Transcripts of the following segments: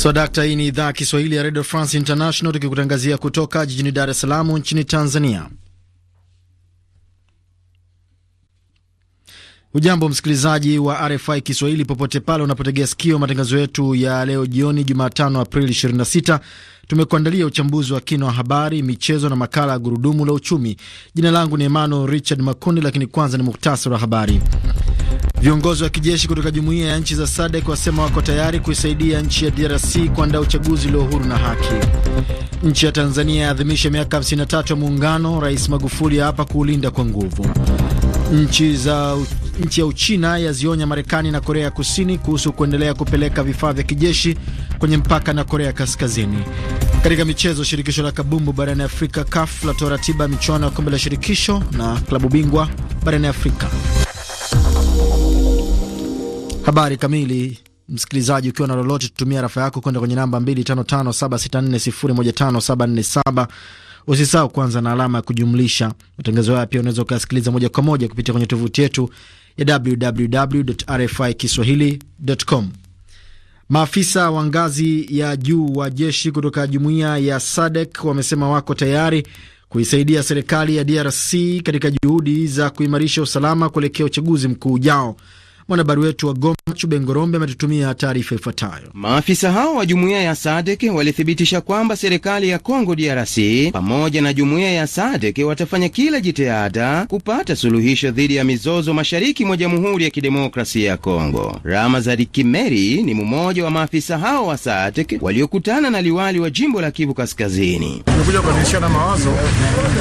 Swadakta, dakta hii ni idhaa ya Kiswahili ya Radio France International tukikutangazia kutoka jijini Dar es Salaam nchini Tanzania. Ujambo msikilizaji wa RFI Kiswahili popote pale unapotegea sikio matangazo yetu ya leo jioni, Jumatano Aprili 26. Tumekuandalia uchambuzi wa kina wa habari, michezo na makala ya gurudumu la uchumi. Jina langu ni Emmanuel Richard Makundi, lakini kwanza ni muhtasari wa habari. Viongozi wa kijeshi kutoka jumuiya ya nchi za SADC wasema wako tayari kuisaidia nchi ya DRC kuandaa uchaguzi ulio huru na haki. Nchi ya Tanzania yaadhimisha miaka 53 ya muungano, Rais Magufuli hapa kuulinda kwa nguvu. Nchi za nchi ya Uchina yazionya Marekani na Korea Kusini kuhusu kuendelea kupeleka vifaa vya kijeshi kwenye mpaka na Korea Kaskazini. Katika michezo, shirikisho la kabumbu barani Afrika CAF latoa ratiba ya michuano ya kombe la shirikisho na klabu bingwa barani Afrika. Habari kamili, msikilizaji, ukiwa na lolote, tutumia rafa yako kwenda kwenye namba 255764015747. Usisahau kwanza na alama ya kujumlisha. Matangazo haya pia unaweza ukayasikiliza moja kwa moja kupitia kwenye tovuti yetu ya www.rfikiswahili.com. Maafisa wa ngazi ya juu wa jeshi kutoka jumuiya ya SADC wamesema wako tayari kuisaidia serikali ya DRC katika juhudi za kuimarisha usalama kuelekea uchaguzi mkuu ujao. Mwanahabari wetu wa Goma, Chube Ngorombe, ametutumia taarifa ifuatayo. Maafisa hao wa jumuiya ya sadek walithibitisha kwamba serikali ya Congo DRC pamoja na jumuiya ya sadek watafanya kila jitihada kupata suluhisho dhidi ya mizozo mashariki mwa Jamhuri ya Kidemokrasia ya Kongo. Ramazari Kimeri ni mmoja wa maafisa hao wa sadek waliokutana na liwali wa jimbo la Kivu Kaskazini. Tumekuja kubadilishana mawazo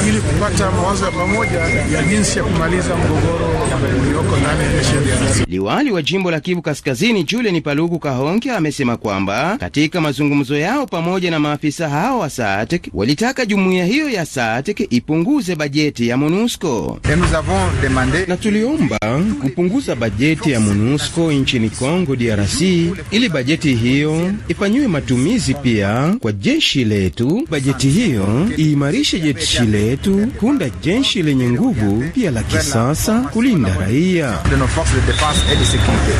ili kupata mawazo ya pamoja ya jinsi ya kumaliza mgogoro ulioko ndani ya jeshi la DRC. Liwali wa jimbo la Kivu Kaskazini Julian Paluku Kahonke amesema kwamba katika mazungumzo yao pamoja na maafisa hao wa SADC walitaka jumuiya hiyo ya SADC ipunguze bajeti ya MONUSCO. Na tuliomba kupunguza bajeti ya MONUSCO nchini congo DRC ili bajeti hiyo ifanyiwe matumizi pia kwa jeshi letu, bajeti hiyo iimarishe jeshi letu, kuunda jeshi lenye nguvu pia la kisasa, kulinda raia.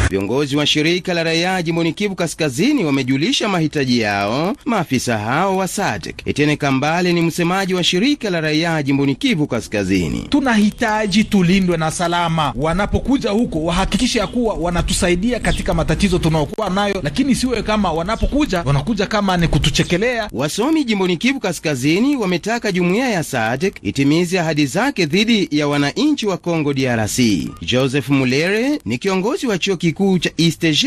Viongozi wa shirika la raia jimboni Kivu Kaskazini wamejulisha mahitaji yao maafisa hao wa SADC. Etene Kambale ni msemaji wa shirika la raia jimboni Kivu Kaskazini. Tunahitaji tulindwe na salama, wanapokuja huko wahakikishe ya kuwa wanatusaidia katika matatizo tunaokuwa nayo, lakini siwe kama wanapokuja wanakuja kama ni kutuchekelea. Wasomi jimboni Kivu Kaskazini wametaka jumuiya ya SADC itimize ahadi zake dhidi ya wananchi wa Kongo DRC. Joseph Mulere ni kiongozi kiongozi wa chuo kikuu cha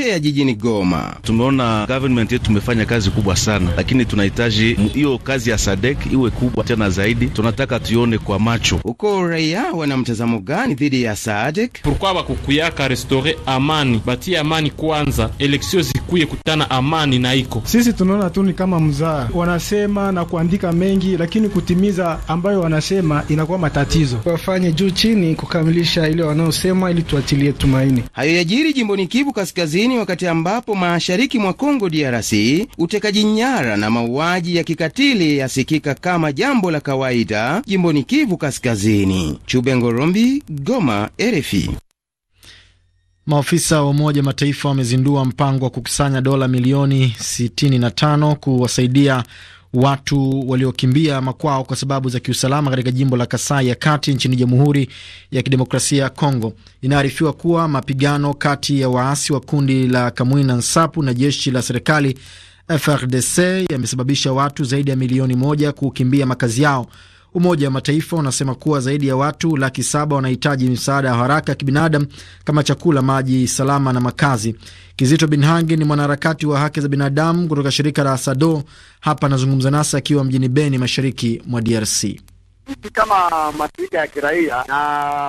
ya jijini Goma. Tumeona government yetu tumefanya kazi kubwa sana, lakini tunahitaji hiyo kazi ya Sadek iwe kubwa tena zaidi. Tunataka tuione kwa macho. Huko raia wana mtazamo gani dhidi ya Sadek? Pourquoi wakukuyaka restore amani, batie amani kwanza, eleksio zikuye kutana amani na iko. Sisi tunaona tu ni kama mzaa, wanasema na kuandika mengi, lakini kutimiza ambayo wanasema inakuwa matatizo. Wafanye juu chini kukamilisha ile wanaosema, ili tuatilie tumaini. Hayo yajiri jimboni Kivu Kaskazini, wakati ambapo mashariki mwa congo DRC utekaji nyara na mauaji ya kikatili yasikika kama jambo la kawaida jimboni Kivu Kaskazini. Chubengorombi, Goma, RFI. Maafisa wa Umoja Mataifa wamezindua mpango wa kukusanya dola milioni 65 kuwasaidia watu waliokimbia makwao kwa sababu za kiusalama katika jimbo la Kasai ya kati nchini Jamhuri ya Kidemokrasia ya Kongo. Inaarifiwa kuwa mapigano kati ya waasi wa kundi la Kamwina Nsapu na jeshi la serikali FRDC yamesababisha watu zaidi ya milioni moja kukimbia makazi yao. Umoja wa Mataifa unasema kuwa zaidi ya watu laki saba wanahitaji misaada ya haraka ya kibinadamu kama chakula, maji salama na makazi. Kizito Binhangi ni mwanaharakati wa haki za binadamu kutoka shirika la asado Hapa anazungumza nasi akiwa mjini Beni, mashariki mwa DRC. Sisi kama mashirika ya kiraia na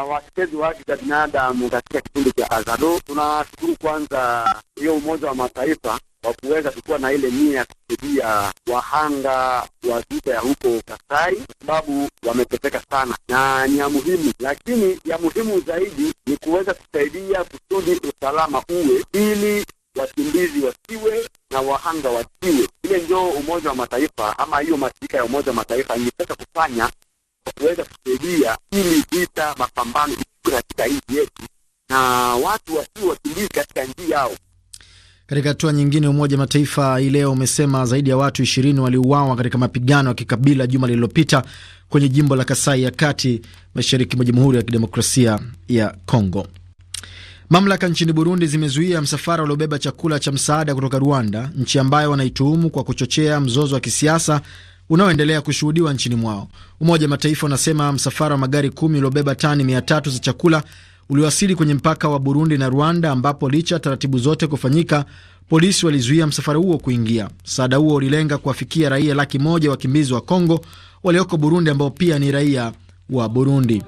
watetezi wa haki za binadamu katika kikundi cha Azado tunashukuru kwanza hiyo Umoja wa Mataifa wa kuweza kukuwa na ile nia ya kusaidia wahanga wa vita ya huko Kasai, kwa sababu wameteseka sana na ni ya muhimu, lakini ya muhimu zaidi ni kuweza kusaidia kusudi usalama uwe, ili wakimbizi wasiwe na wahanga wasiwe. Ile ndio Umoja wa Mataifa ama hiyo mashirika ya Umoja wa Mataifa ingetaka kufanya kwa kuweza kusaidia, ili vita mapambano katika nchi yetu na watu wasio wakimbizi katika nchi yao. Katika hatua nyingine, Umoja Mataifa hii leo umesema zaidi ya watu ishirini waliuawa katika mapigano ya kikabila juma lililopita kwenye jimbo la Kasai ya kati mashariki mwa Jamhuri ya Kidemokrasia ya Kongo. Mamlaka nchini Burundi zimezuia msafara uliobeba chakula cha msaada kutoka Rwanda, nchi ambayo wanaituhumu kwa kuchochea mzozo wa kisiasa unaoendelea kushuhudiwa nchini mwao. Umoja Mataifa unasema msafara wa magari kumi uliobeba tani mia tatu za chakula uliowasili kwenye mpaka wa Burundi na Rwanda, ambapo licha taratibu zote kufanyika, polisi walizuia msafara huo kuingia. Msaada huo ulilenga kuwafikia raia laki moja wakimbizi wa Kongo walioko Burundi, ambao pia ni raia wa Burundi.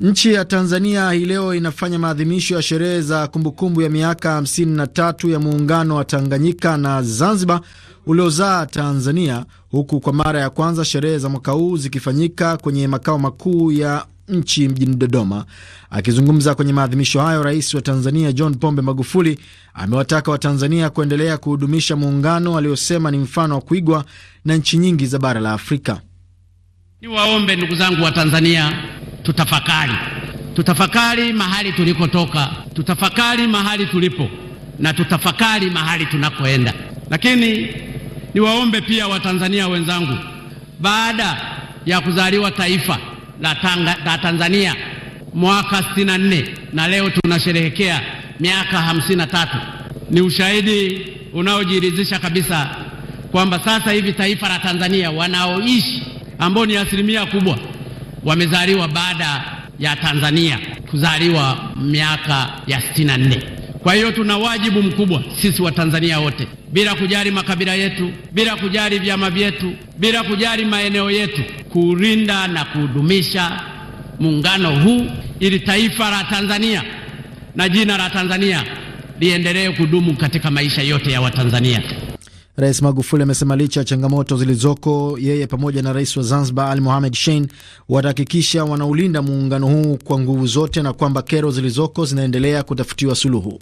Nchi ya Tanzania hii leo inafanya maadhimisho ya sherehe za kumbukumbu ya miaka 53 ya muungano wa Tanganyika na Zanzibar uliozaa Tanzania, huku kwa mara ya kwanza sherehe za mwaka huu zikifanyika kwenye makao makuu ya nchi mjini Dodoma. Akizungumza kwenye maadhimisho hayo, rais wa Tanzania John Pombe Magufuli amewataka Watanzania kuendelea kuhudumisha muungano aliosema ni mfano wa kuigwa na nchi nyingi za bara la Afrika. Niwaombe ndugu zangu wa Tanzania, tutafakari, tutafakari mahali tulikotoka, tutafakari mahali tulipo na tutafakari mahali tunakoenda. Lakini niwaombe pia Watanzania wenzangu, baada ya kuzaliwa taifa la, tanga, la Tanzania mwaka 64 na leo tunasherehekea miaka 53 ni ushahidi unaojiridhisha kabisa kwamba sasa hivi taifa la Tanzania wanaoishi ambao ni asilimia kubwa wamezaliwa baada ya Tanzania kuzaliwa miaka ya 64. Kwa hiyo tuna wajibu mkubwa sisi Watanzania wote, bila kujali makabila yetu, bila kujali vyama vyetu, bila kujali maeneo yetu, kuulinda na kuudumisha muungano huu ili taifa la Tanzania na jina la Tanzania liendelee kudumu katika maisha yote ya Watanzania. Rais Magufuli amesema licha ya changamoto zilizoko, yeye pamoja na rais wa Zanzibar Ali Mohamed Shein watahakikisha wanaulinda muungano huu kwa nguvu zote na kwamba kero zilizoko zinaendelea kutafutiwa suluhu.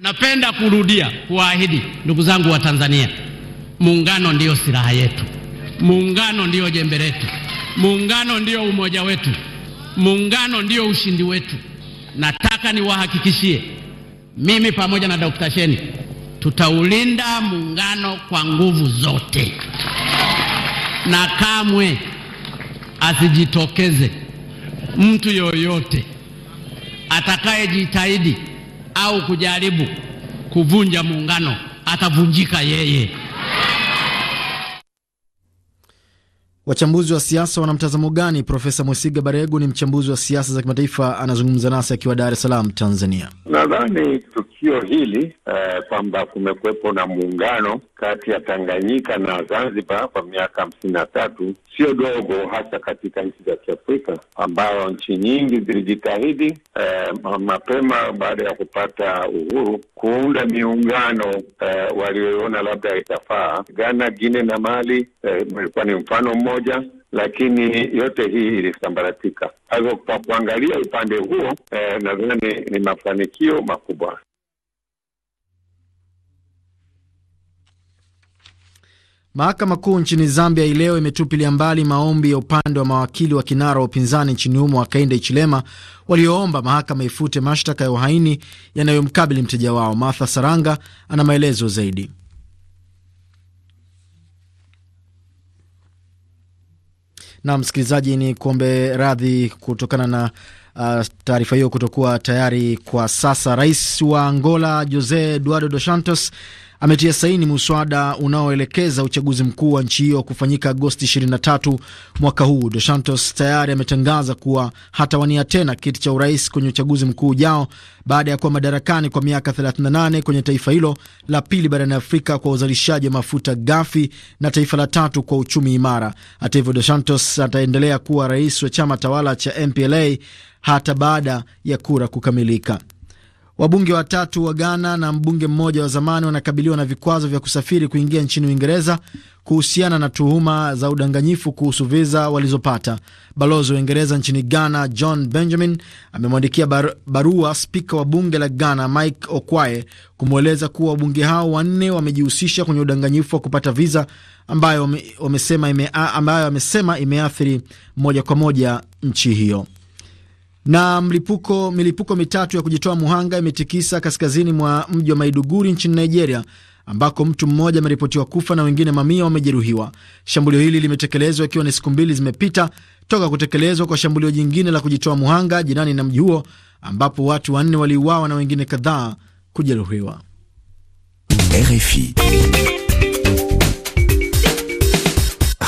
Napenda kurudia kuwaahidi ndugu zangu wa Tanzania, muungano ndiyo silaha yetu, muungano ndiyo jembe letu, muungano ndiyo umoja wetu, muungano ndiyo ushindi wetu. Nataka niwahakikishie mimi pamoja na Dr. Sheni tutaulinda muungano kwa nguvu zote, na kamwe asijitokeze mtu yoyote atakayejitahidi au kujaribu kuvunja muungano, atavunjika yeye. Wachambuzi wa siasa wana mtazamo gani? Profesa Mwesiga Baregu ni mchambuzi wa siasa za kimataifa, anazungumza nasi akiwa Dar es Salaam, Tanzania. Nadhani tukio hili eh, kwamba kumekuwepo na muungano kati ya Tanganyika na Zanzibar kwa miaka hamsini na tatu sio dogo, hasa katika nchi za Kiafrika ambayo nchi nyingi zilijitahidi eh, mapema baada ya kupata uhuru kuunda miungano eh, walioona labda itafaa. Ghana, Guinea na Mali eh, ni mfano mmoja moja, lakini yote hii ilisambaratika. Kwa hivyo kwa kuangalia upande huo eh, nadhani ni mafanikio makubwa. Mahakama Kuu nchini Zambia hii leo imetupilia mbali maombi ya upande wa mawakili wa kinara wa upinzani nchini humo Hakainde Hichilema walioomba mahakama ifute mashtaka ya uhaini yanayomkabili mteja wao. Martha Saranga ana maelezo zaidi. Na msikilizaji, ni kuombe radhi kutokana na uh, taarifa hiyo kutokuwa tayari kwa sasa. Rais wa Angola Jose Eduardo dos Santos ametia saini muswada unaoelekeza uchaguzi mkuu wa nchi hiyo kufanyika Agosti 23 mwaka huu. Dos Santos tayari ametangaza kuwa hatawania tena kiti cha urais kwenye uchaguzi mkuu ujao baada ya kuwa madarakani kwa miaka 38 kwenye taifa hilo la pili barani Afrika kwa uzalishaji wa mafuta ghafi na taifa la tatu kwa uchumi imara. Hata hivyo, Dos Santos ataendelea kuwa rais wa chama tawala cha MPLA hata baada ya kura kukamilika. Wabunge watatu wa Ghana na mbunge mmoja wa zamani wanakabiliwa na vikwazo vya kusafiri kuingia nchini Uingereza kuhusiana na tuhuma za udanganyifu kuhusu viza walizopata. Balozi wa Uingereza nchini Ghana John Benjamin amemwandikia barua spika wa bunge la Ghana Mike Okwae kumweleza kuwa wabunge hao wanne wamejihusisha kwenye udanganyifu wa kupata viza ambayo wamesema ime, ambayo wamesema imeathiri moja kwa moja nchi hiyo. Na mlipuko milipuko mitatu ya kujitoa muhanga imetikisa kaskazini mwa mji wa Maiduguri nchini Nigeria ambako mtu mmoja ameripotiwa kufa na wengine mamia wamejeruhiwa. Shambulio hili limetekelezwa ikiwa ni siku mbili zimepita toka kutekelezwa kwa shambulio jingine la kujitoa muhanga jirani na mji huo ambapo watu wanne waliuawa na wengine kadhaa kujeruhiwa. RFI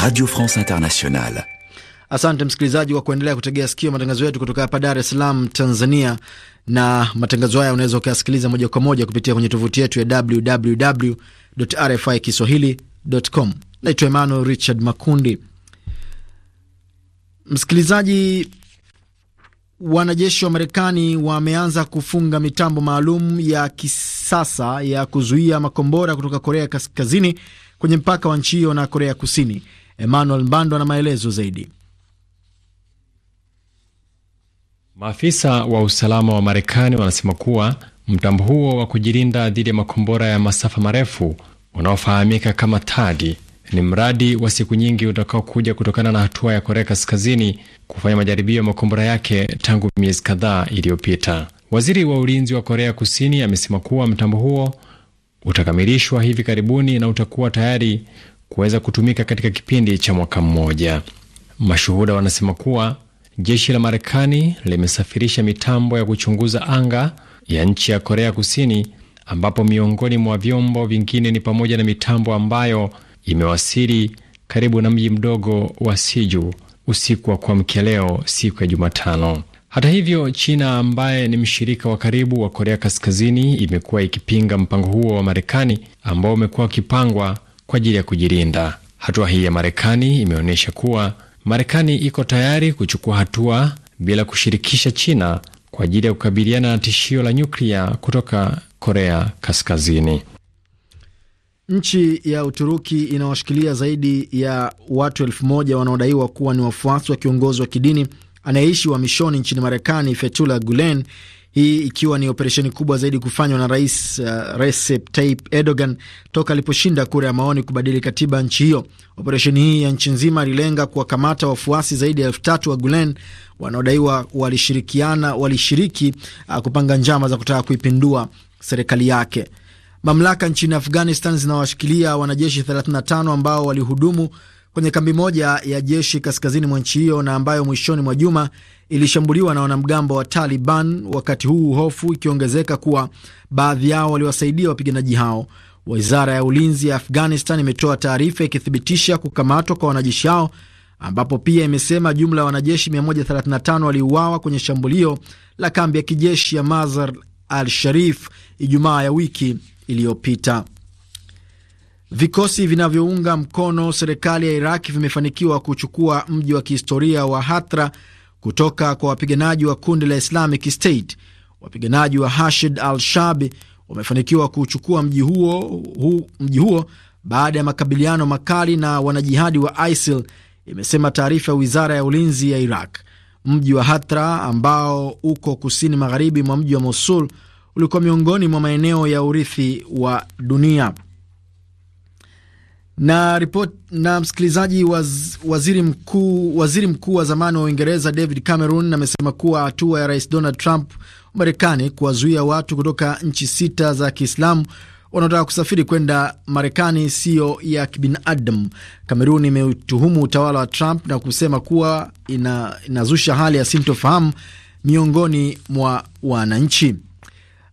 Radio France Internationale Asante msikilizaji kwa kuendelea kutegea sikio matangazo yetu kutoka hapa Dar es Salaam, Tanzania. Na matangazo haya unaweza ukayasikiliza moja kwa moja kupitia kwenye tovuti yetu ya www rfi kiswahili.com. Naitwa Emmanuel Richard Makundi. Msikilizaji, wanajeshi wa Marekani wameanza kufunga mitambo maalum ya kisasa ya kuzuia makombora kutoka Korea Kaskazini kwenye mpaka wa nchi hiyo na Korea Kusini. Emmanuel Mbando ana maelezo zaidi. Maafisa wa usalama wa Marekani wanasema kuwa mtambo huo wa kujilinda dhidi ya makombora ya masafa marefu unaofahamika kama TADI ni mradi wa siku nyingi utakaokuja kutokana na hatua ya Korea Kaskazini kufanya majaribio ya makombora yake tangu miezi kadhaa iliyopita. Waziri wa ulinzi wa Korea Kusini amesema kuwa mtambo huo utakamilishwa hivi karibuni na utakuwa tayari kuweza kutumika katika kipindi cha mwaka mmoja. Mashuhuda wanasema kuwa Jeshi la Marekani limesafirisha mitambo ya kuchunguza anga ya nchi ya Korea Kusini, ambapo miongoni mwa vyombo vingine ni pamoja na mitambo ambayo imewasili karibu na mji mdogo wa Siju usiku wa kuamkia leo, siku ya Jumatano. Hata hivyo, China ambaye ni mshirika wa karibu wa Korea Kaskazini imekuwa ikipinga mpango huo wa Marekani ambao umekuwa ukipangwa kwa ajili ya kujilinda. Hatua hii ya Marekani imeonyesha kuwa Marekani iko tayari kuchukua hatua bila kushirikisha China kwa ajili ya kukabiliana na tishio la nyuklia kutoka Korea Kaskazini. Nchi ya Uturuki inawashikilia zaidi ya watu elfu moja wanaodaiwa kuwa ni wafuasi wa kiongozi wa kidini anayeishi uhamishoni nchini Marekani, Fethullah Gulen, hii ikiwa ni operesheni kubwa zaidi kufanywa na rais uh, Recep Tayyip Erdogan toka aliposhinda kura ya maoni kubadili katiba ya nchi hiyo. Operesheni hii ya nchi nzima ililenga kuwakamata wafuasi zaidi ya elfu tatu wa Gulen wanaodaiwa walishirikiana walishiriki uh, kupanga njama za kutaka kuipindua serikali yake. Mamlaka nchini Afghanistan zinawashikilia wanajeshi 35 ambao walihudumu kwenye kambi moja ya jeshi kaskazini mwa nchi hiyo na ambayo mwishoni mwa juma ilishambuliwa na wanamgambo wa Taliban, wakati huu hofu ikiongezeka kuwa baadhi yao waliwasaidia wapiganaji hao. Wizara ya ulinzi ya Afghanistan imetoa taarifa ikithibitisha kukamatwa kwa wanajeshi hao, ambapo pia imesema jumla ya wanajeshi 135 waliuawa kwenye shambulio la kambi ya kijeshi ya Mazar al Sharif Ijumaa ya wiki iliyopita. Vikosi vinavyounga mkono serikali ya Iraq vimefanikiwa kuchukua mji wa kihistoria wa Hatra kutoka kwa wapiganaji wa kundi la Islamic State. Wapiganaji wa Hashid al-Shabi wamefanikiwa kuchukua mji huo, hu, mji huo baada ya makabiliano makali na wanajihadi wa ISIL, imesema taarifa ya wizara ya ulinzi ya Iraq. Mji wa Hatra ambao uko kusini magharibi mwa mji wa Mosul ulikuwa miongoni mwa maeneo ya urithi wa dunia. Na ripoti na msikilizaji, waz, waziri mkuu waziri mkuu wa zamani wa Uingereza David Cameron amesema kuwa hatua ya Rais Donald Trump wa Marekani kuwazuia watu kutoka nchi sita za Kiislamu wanaotaka kusafiri kwenda Marekani siyo ya kibinadamu. Kamerun imeutuhumu utawala wa Trump na kusema kuwa ina, inazusha hali ya sintofahamu miongoni mwa wananchi.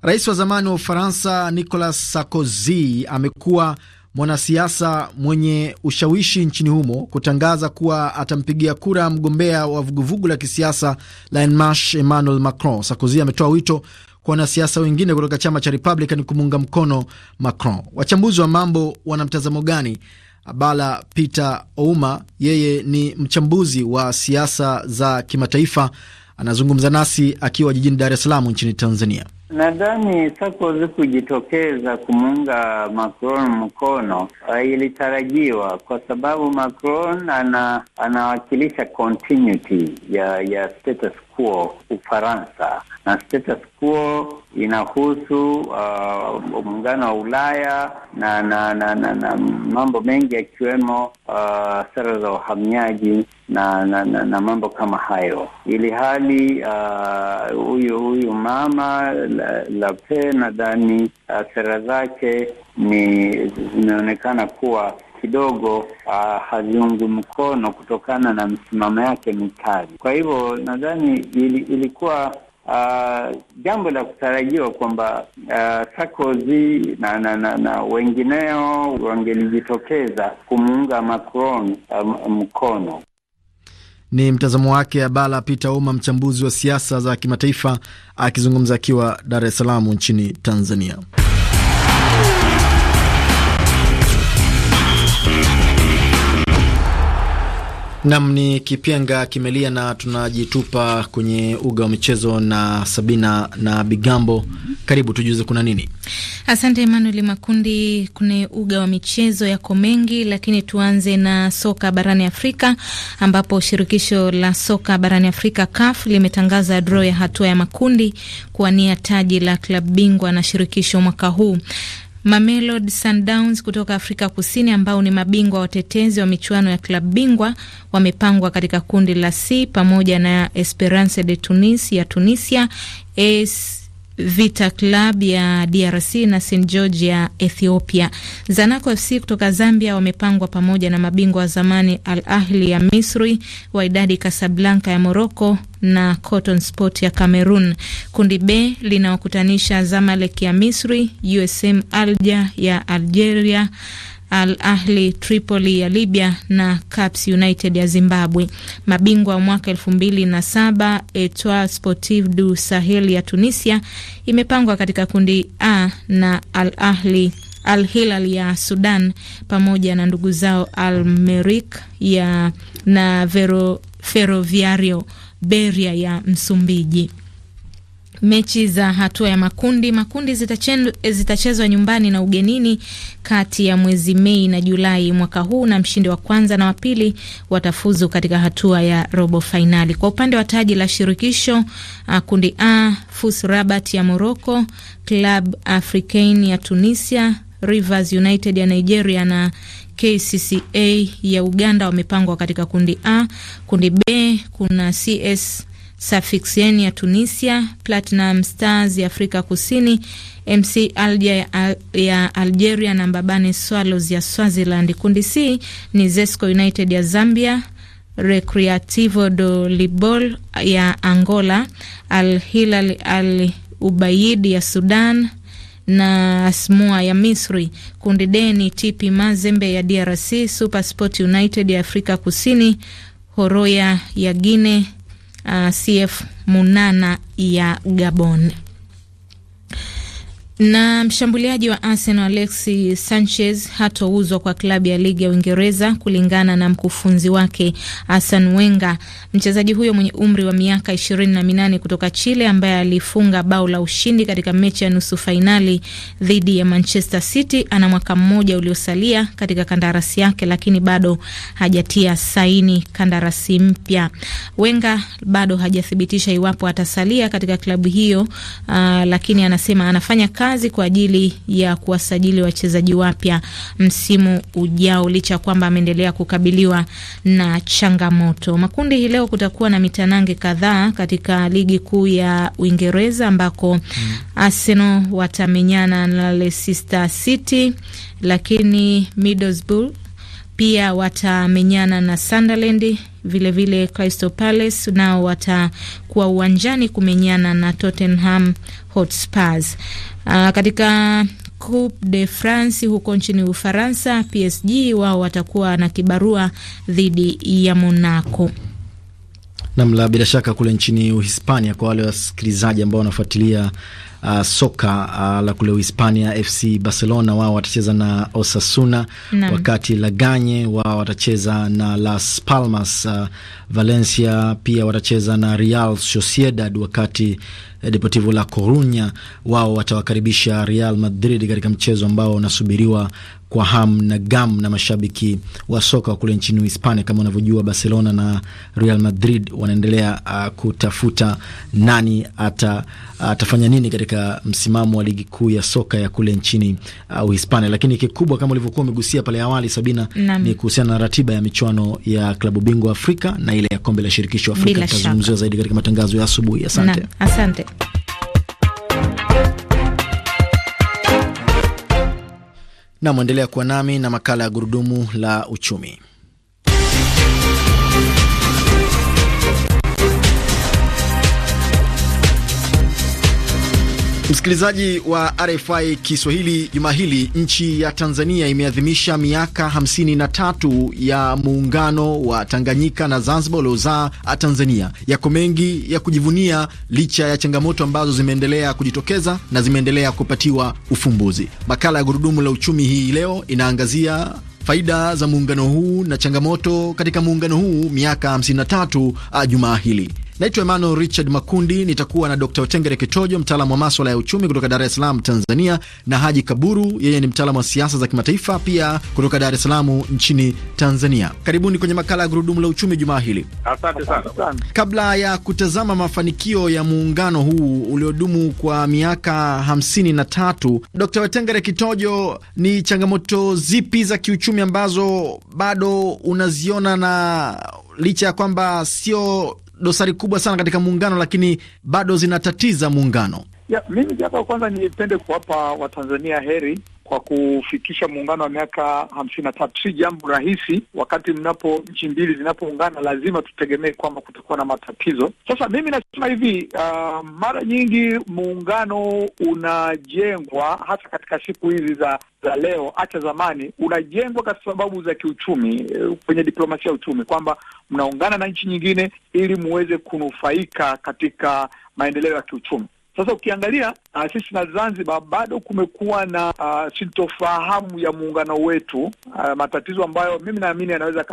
Rais wa zamani wa Ufaransa Nicolas Sarkozy amekuwa mwanasiasa mwenye ushawishi nchini humo kutangaza kuwa atampigia kura mgombea wa vuguvugu la kisiasa la En Marche Emmanuel Macron. Sarkozy ametoa wito kwa wanasiasa wengine kutoka chama cha Republican kumuunga mkono Macron. Wachambuzi wa mambo wana mtazamo gani? Abala Peter Ouma, yeye ni mchambuzi wa siasa za kimataifa, anazungumza nasi akiwa jijini Dar es Salaam nchini Tanzania. Nadhani SACCOS kujitokeza kumuunga Macron mkono ah, ilitarajiwa kwa sababu Macron ana, anawakilisha continuity ya ya status quo Ufaransa, na status quo inahusu uh, muungano wa Ulaya na na, na, na, na mambo mengi yakiwemo uh, sera za uhamiaji na na, na na mambo kama hayo, ili hali huyu uh, mama la, pe nadhani ah, sera zake ni zimeonekana kuwa kidogo uh, haziungi mkono kutokana na msimamo yake mikali. Kwa hivyo nadhani ili, ilikuwa uh, jambo la kutarajiwa kwamba uh, Sarkozy na, na, na, na wengineo wangelijitokeza kumuunga Macron uh, mkono. Ni mtazamo wake Abala Peter Uma, mchambuzi wa siasa za kimataifa akizungumza akiwa Dar es Salaam nchini Tanzania. Nam ni kipenga kimelia, na tunajitupa kwenye uga wa michezo na Sabina na Bigambo. Karibu tujuze kuna nini. Asante Emmanuel Makundi. Kwenye uga wa michezo yako mengi, lakini tuanze na soka barani Afrika, ambapo shirikisho la soka barani Afrika CAF limetangaza draw ya hatua ya makundi kuwania taji la klabu bingwa na shirikisho mwaka huu. Mamelodi Sundowns kutoka Afrika Kusini ambao ni mabingwa watetezi wa michuano ya klabu bingwa wamepangwa katika kundi la C pamoja na Esperance de Tunis ya Tunisia, AS Vita Club ya DRC na St George ya Ethiopia. Zanaco FC kutoka Zambia wamepangwa pamoja na mabingwa wa zamani Al Ahli ya Misri, Waidadi Kasablanka ya Moroko na Cotton Sport ya Cameroon. Kundi B linawakutanisha Zamalek ya Misri, USM Alja ya Algeria Al Ahli Tripoli ya Libya na Caps United ya Zimbabwe. Mabingwa wa mwaka elfu mbili na saba Etoile Sportive du Sahel ya Tunisia imepangwa katika kundi A na Al Ahli Al Hilal ya Sudan pamoja na ndugu zao Al Merik ya na Ferroviario Beria ya Msumbiji. Mechi za hatua ya makundi makundi zitachezwa nyumbani na ugenini kati ya mwezi Mei na Julai mwaka huu, na mshindi wa kwanza na wa pili watafuzu katika hatua ya robo fainali. Kwa upande wa taji la shirikisho uh, kundi A, FUS Rabat ya Morocco, Club Africain ya Tunisia, Rivers United ya Nigeria na KCCA ya Uganda wamepangwa katika kundi A. Kundi B kuna CS Safiksien ya Tunisia, Platinum Stars ya Afrika Kusini, MC Alger ya Algeria na Mbabane Swallows ya Swaziland. Kundi C ni Zesco United ya Zambia, Recreativo do Libol ya Angola, Al Hilal Al Ubaid ya Sudan na Asmua ya Misri. Kundi D ni TP Mazembe ya DRC, Super Sport United ya Afrika Kusini, Horoya ya Guinea uh, CF Munana ya Gabon. Na mshambuliaji wa Arsenal Alexis Sanchez hatouzwa kwa klabu ya ligi ya Uingereza kulingana na mkufunzi wake Arsene Wenger. Mchezaji huyo mwenye umri wa miaka ishirini na minane kutoka Chile ambaye alifunga bao la ushindi katika mechi ya nusu fainali dhidi ya Manchester City ana mwaka mmoja uliosalia katika kandarasi yake, lakini bado hajatia saini kandarasi mpya. Wenger bado hajathibitisha iwapo atasalia katika klabu hiyo, uh, lakini anasema anafanya kazi kazi kwa ajili ya kuwasajili wachezaji wapya msimu ujao, licha ya kwamba ameendelea kukabiliwa na changamoto. Makundi hii leo kutakuwa na mitanange kadhaa katika ligi kuu ya Uingereza ambako hmm, Arsenal watamenyana na Leicester City, lakini Middlesbrough pia watamenyana na Sunderland. Vilevile Crystal Palace nao watakuwa uwanjani kumenyana na Tottenham Hotspurs. Uh, katika Coupe de France huko nchini Ufaransa, PSG wao watakuwa na kibarua dhidi ya Monaco. Namla bila shaka kule nchini Uhispania, kwa wale wasikilizaji ambao wanafuatilia uh, soka uh, la kule Uhispania, FC Barcelona wao watacheza na Osasuna na, wakati Laganye wao watacheza na Las Palmas. Uh, Valencia pia watacheza na Real Sociedad, wakati Eh, Deportivo La Corunya wao watawakaribisha Real Madrid katika mchezo ambao unasubiriwa kwa ham na gam na mashabiki wa soka kule nchini Hispania. Kama unavyojua, Barcelona na Real Madrid wanaendelea uh, kutafuta nani ata, atafanya nini katika msimamo wa ligi kuu ya soka ya kule nchini uh, ah, Uhispania. Lakini kikubwa kama ulivyokuwa umegusia pale awali, Sabina, Nami. ni kuhusiana na ratiba ya michuano ya klabu bingwa Afrika na ile ya kombe la shirikisho Afrika. Tutazungumzia zaidi katika matangazo ya asubuhi. Asante, asante. Namwendelea kuwa nami na makala ya gurudumu la uchumi. Msikilizaji wa RFI Kiswahili, juma hili nchi ya Tanzania imeadhimisha miaka 53 ya muungano wa Tanganyika na Zanzibar uliozaa Tanzania. Yako mengi ya kujivunia, licha ya changamoto ambazo zimeendelea kujitokeza na zimeendelea kupatiwa ufumbuzi. Makala ya Gurudumu la Uchumi hii leo inaangazia faida za muungano huu na changamoto katika muungano huu miaka 53 ah, jumaa hili. Naitwa Emmanuel Richard Makundi, nitakuwa na Dr Otengere Kitojo, mtaalamu wa maswala ya uchumi kutoka Dar es Salaam, Tanzania, na Haji Kaburu, yeye ni mtaalamu wa siasa za kimataifa pia kutoka Dar es Salaam nchini Tanzania. Karibuni kwenye makala ya Gurudumu la Uchumi jumaa hili. Asante sana. Kabla ya kutazama mafanikio ya muungano huu uliodumu kwa miaka hamsini na tatu, Dr Otengere Kitojo, ni changamoto zipi za kiuchumi ambazo bado unaziona na licha ya kwamba sio dosari kubwa sana katika muungano, lakini bado zinatatiza muungano. mimi hapa kwanza nipende kuwapa Watanzania heri kwa kufikisha muungano wa miaka hamsini na tatu. Si jambo rahisi, wakati mnapo nchi mbili zinapoungana lazima tutegemee kwamba kutakuwa na matatizo. Sasa mimi nasema hivi, uh, mara nyingi muungano unajengwa hasa katika siku hizi za za leo, hacha zamani, unajengwa kwa sababu za kiuchumi, eh, kwenye diplomasia ya uchumi, kwamba mnaungana na nchi nyingine ili muweze kunufaika katika maendeleo ya kiuchumi. Sasa ukiangalia uh, sisi na Zanzibar bado kumekuwa na uh, sintofahamu ya muungano wetu uh, matatizo ambayo mimi naamini yanaweza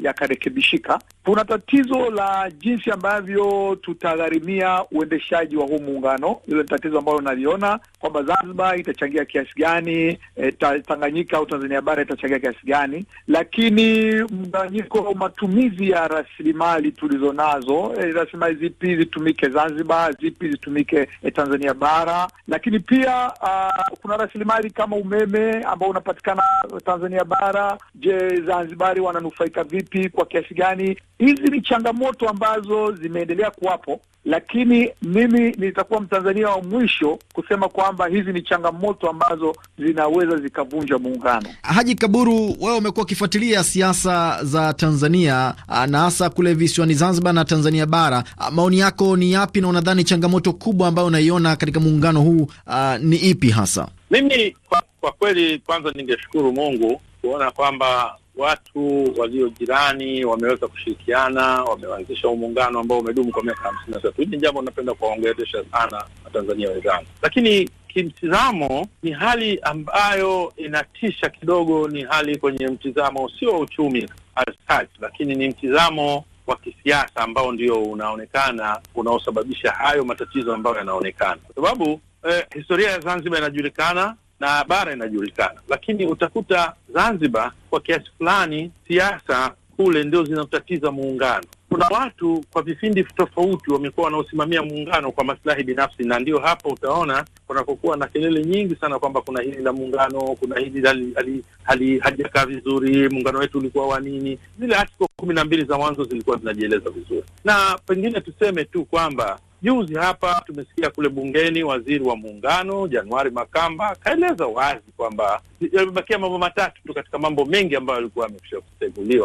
yakarekebishika yaka. Kuna tatizo la jinsi ambavyo tutagharimia uendeshaji wa huu muungano. Hilo ni tatizo ambalo naliona kwamba Zanzibar itachangia kiasi gani, e, ta, Tanganyika au Tanzania bara itachangia kiasi gani, lakini mgawanyiko wa matumizi ya rasilimali tulizonazo, e, rasilimali zipi zitumike Zanzibar, zipi zitumike yake e, eh, Tanzania bara, lakini pia uh, kuna rasilimali kama umeme ambao unapatikana Tanzania bara. Je, Zanzibari wananufaika vipi? Kwa kiasi gani Hizi ni changamoto ambazo zimeendelea kuwapo, lakini mimi nitakuwa Mtanzania wa mwisho kusema kwamba hizi ni changamoto ambazo zinaweza zikavunja muungano. Haji Kaburu, wewe umekuwa ukifuatilia siasa za Tanzania ah, na hasa kule visiwani Zanzibar na Tanzania bara, ah, maoni yako ni yapi, na unadhani changamoto kubwa ambayo unaiona katika muungano huu uh, ni ipi hasa? Mimi kwa, kwa kweli kwanza ningeshukuru Mungu kuona kwamba watu walio jirani wameweza kushirikiana, wameanzisha muungano ambao umedumu kwa miaka hamsini na tatu. Hili ni jambo napenda kuwaongelesha sana Watanzania wenzangu, lakini kimtizamo ni hali ambayo inatisha kidogo. Ni hali kwenye mtizamo sio wa uchumi such, lakini ni mtizamo wa kisiasa ambao ndio unaonekana unaosababisha hayo matatizo ambayo yanaonekana, kwa sababu eh, historia ya Zanzibar inajulikana na bara inajulikana, lakini utakuta Zanzibar kwa kiasi fulani siasa kule ndio zinaotatiza muungano. Kuna watu kwa vipindi tofauti wamekuwa wanaosimamia muungano kwa masilahi binafsi, na ndio hapa utaona kunapokuwa na kelele nyingi sana kwamba kuna hili la muungano, kuna hili halijakaa vizuri, muungano wetu ulikuwa wa nini. Zile article kumi na mbili za mwanzo zilikuwa zinajieleza vizuri, na pengine tuseme tu kwamba Juzi hapa tumesikia kule bungeni waziri wa muungano Januari Makamba akaeleza wazi kwamba yamebakia mambo matatu tu katika mambo mengi ambayo yalikuwa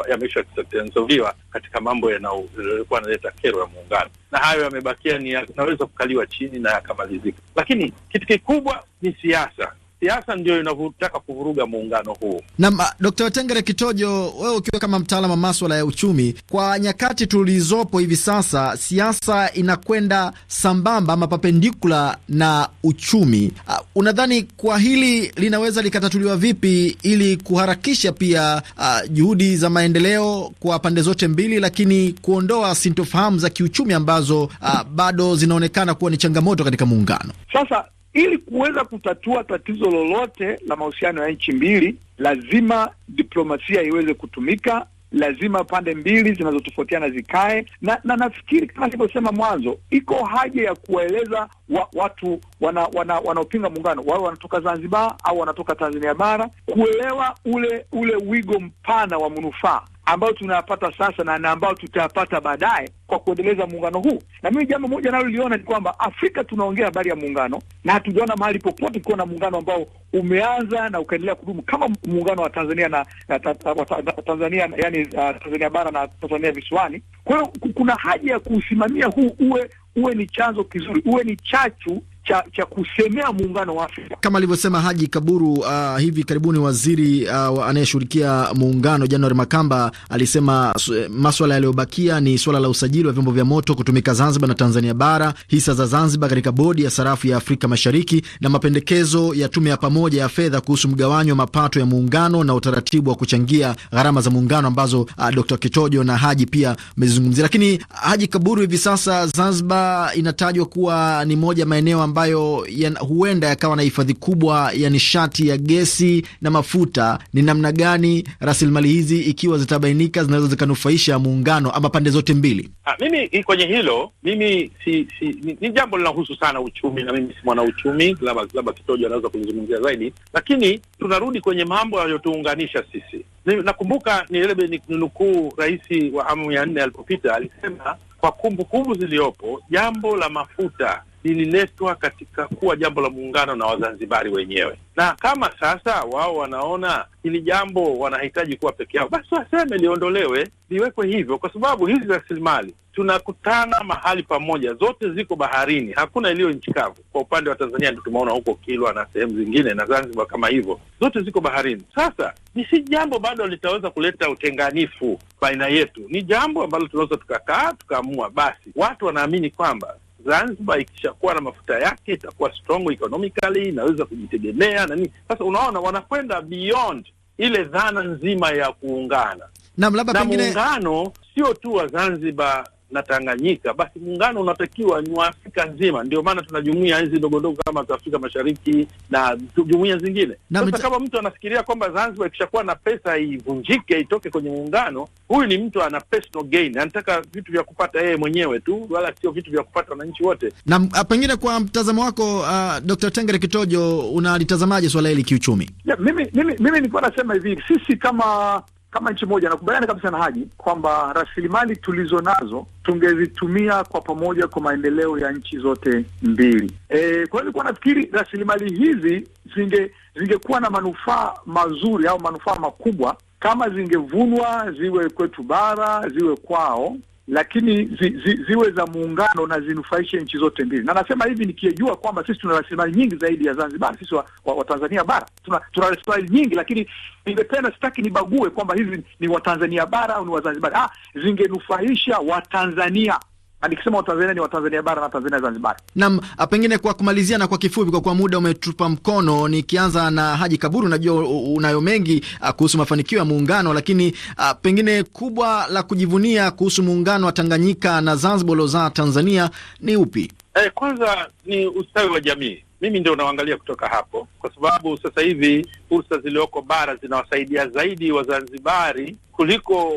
yameshakutanzuliwa katika mambo yalikuwa analeta kero ya muungano, na hayo yamebakia ni yanaweza kukaliwa chini na yakamalizika, lakini kitu kikubwa ni siasa siasa ndio inavyotaka kuvuruga muungano huo Naam, ah, Dr. tengere Kitojo, wewe ukiwa kama mtaalamu wa maswala ya uchumi, kwa nyakati tulizopo hivi sasa, siasa inakwenda sambamba ama papendikula na uchumi. Uh, unadhani kwa hili linaweza likatatuliwa vipi ili kuharakisha pia uh, juhudi za maendeleo kwa pande zote mbili, lakini kuondoa sintofahamu za kiuchumi ambazo uh, bado zinaonekana kuwa ni changamoto katika muungano sasa ili kuweza kutatua tatizo lolote la mahusiano ya nchi mbili, lazima diplomasia iweze kutumika, lazima pande mbili zinazotofautiana zikae na, na nafikiri kama nilivyosema mwanzo, iko haja ya kuwaeleza wa, watu wanaopinga wana, wana muungano wawe wanatoka Zanzibar au wanatoka Tanzania bara kuelewa ule ule wigo mpana wa manufaa ambayo tunayapata sasa na, na ambayo tutayapata baadaye kwa kuendeleza muungano huu. Na mimi jambo moja naloliona ni kwamba Afrika tunaongea habari ya muungano na hatujaona mahali popote kuwa na muungano ambao umeanza na ukaendelea kudumu kama muungano wa Tanzania na, na ta, ta, ta, ta, Tanzania yani, uh, Tanzania bara na Tanzania visiwani. Kwa hiyo kuna haja ya kuusimamia huu uwe uwe ni chanzo kizuri, uwe ni chachu cha, cha kusemea muungano wa Afrika kama alivyosema Haji Kaburu. Uh, hivi karibuni waziri uh, anayeshughulikia muungano Januari Makamba alisema eh, maswala yaliyobakia ni swala la usajili wa vyombo vya moto kutumika Zanzibar na Tanzania bara, hisa za Zanzibar katika bodi ya sarafu ya Afrika Mashariki na mapendekezo ya tume ya pamoja ya fedha kuhusu mgawanyo wa mapato ya muungano na utaratibu wa kuchangia gharama za muungano ambazo uh, Dr. Kitojo na Haji pia mezungumzia. Lakini Haji Kaburu, hivi sasa Zanzibar inatajwa kuwa ni moja maeneo ambayo ya huenda yakawa na hifadhi kubwa ya nishati ya gesi na mafuta, ni namna gani rasilimali hizi, ikiwa zitabainika, zinaweza zikanufaisha muungano ama pande zote mbili? Ha, ah, mimi kwenye hilo mimi si, si, ni, ni jambo linahusu sana uchumi na mimi si mwana uchumi, labda labda Kitojo anaweza kulizungumzia zaidi, lakini tunarudi kwenye mambo yaliyotuunganisha sisi. Nakumbuka ni ile ni nukuu rais wa awamu ya nne alipopita alisema, kwa kumbukumbu ziliyopo, jambo la mafuta lililetwa katika kuwa jambo la muungano na Wazanzibari wenyewe, na kama sasa wao wanaona hili jambo wanahitaji kuwa peke yao, basi waseme liondolewe, liwekwe hivyo, kwa sababu hizi rasilimali tunakutana mahali pamoja, zote ziko baharini, hakuna iliyo nchi kavu. Kwa upande wa Tanzania ndio tumeona huko Kilwa na sehemu zingine na Zanzibar kama hivyo, zote ziko baharini. Sasa ni si jambo bado litaweza kuleta utenganifu baina yetu, ni jambo ambalo tunaweza tukakaa tukaamua. Basi watu wanaamini kwamba Zanzibar ikishakuwa na mafuta yake itakuwa strong economically, inaweza kujitegemea na nini. Sasa unaona wanakwenda beyond ile dhana nzima ya kuungana na, na pengine... muungano sio tu wa Zanzibar na Tanganyika, basi muungano unatakiwa ni wa Afrika nzima. Ndio maana tuna jumuia hizi ndogo ndogo kama za Afrika Mashariki na jumuia zingine. Sasa kama mtu anafikiria kwamba Zanzibar ikishakuwa na pesa ivunjike, itoke kwenye muungano, huyu ni mtu ana personal gain, anataka vitu vya kupata yeye mwenyewe tu, wala sio vitu vya kupata wananchi wote. Na ah, pengine kwa mtazamo wako, uh, ah, Dr. Tengere Kitojo, unalitazamaje swala hili kiuchumi? Ya, mimi, mimi, mimi nilikuwa nasema hivi sisi kama kama nchi moja, nakubaliana kabisa na Haji kwamba rasilimali tulizo nazo tungezitumia kwa pamoja kwa maendeleo ya nchi zote mbili. E, kwa hiyo nilikuwa nafikiri rasilimali hizi zinge zingekuwa na manufaa mazuri au manufaa makubwa kama zingevunwa ziwe kwetu bara ziwe kwao, lakini zi, zi, ziwe za muungano na zinufaishe nchi zote mbili, na nasema hivi nikijua kwamba sisi tuna rasilimali nyingi zaidi ya Zanzibar. Sisi wa, wa, wa Tanzania bara tuna, tuna rasilimali nyingi, lakini ningependa, sitaki nibague kwamba hizi ni Watanzania bara au ni Wazanzibari. Ah, zingenufaisha Watanzania nikisema Watanzania ni Watanzania bara na Tanzania Zanzibar. Naam, ah, pengine kwa kumalizia na kwa kifupi, kwa kuwa muda umetupa mkono, nikianza na Haji Kaburu, najua unayo mengi ah, kuhusu mafanikio ya muungano, lakini a, ah, pengine kubwa la kujivunia kuhusu muungano wa Tanganyika na Zanzibar uliozaa Tanzania ni upi? Eh, kwanza ni ustawi wa jamii mimi ndio unaoangalia kutoka hapo, kwa sababu sasa hivi fursa zilioko bara zinawasaidia zaidi Wazanzibari kuliko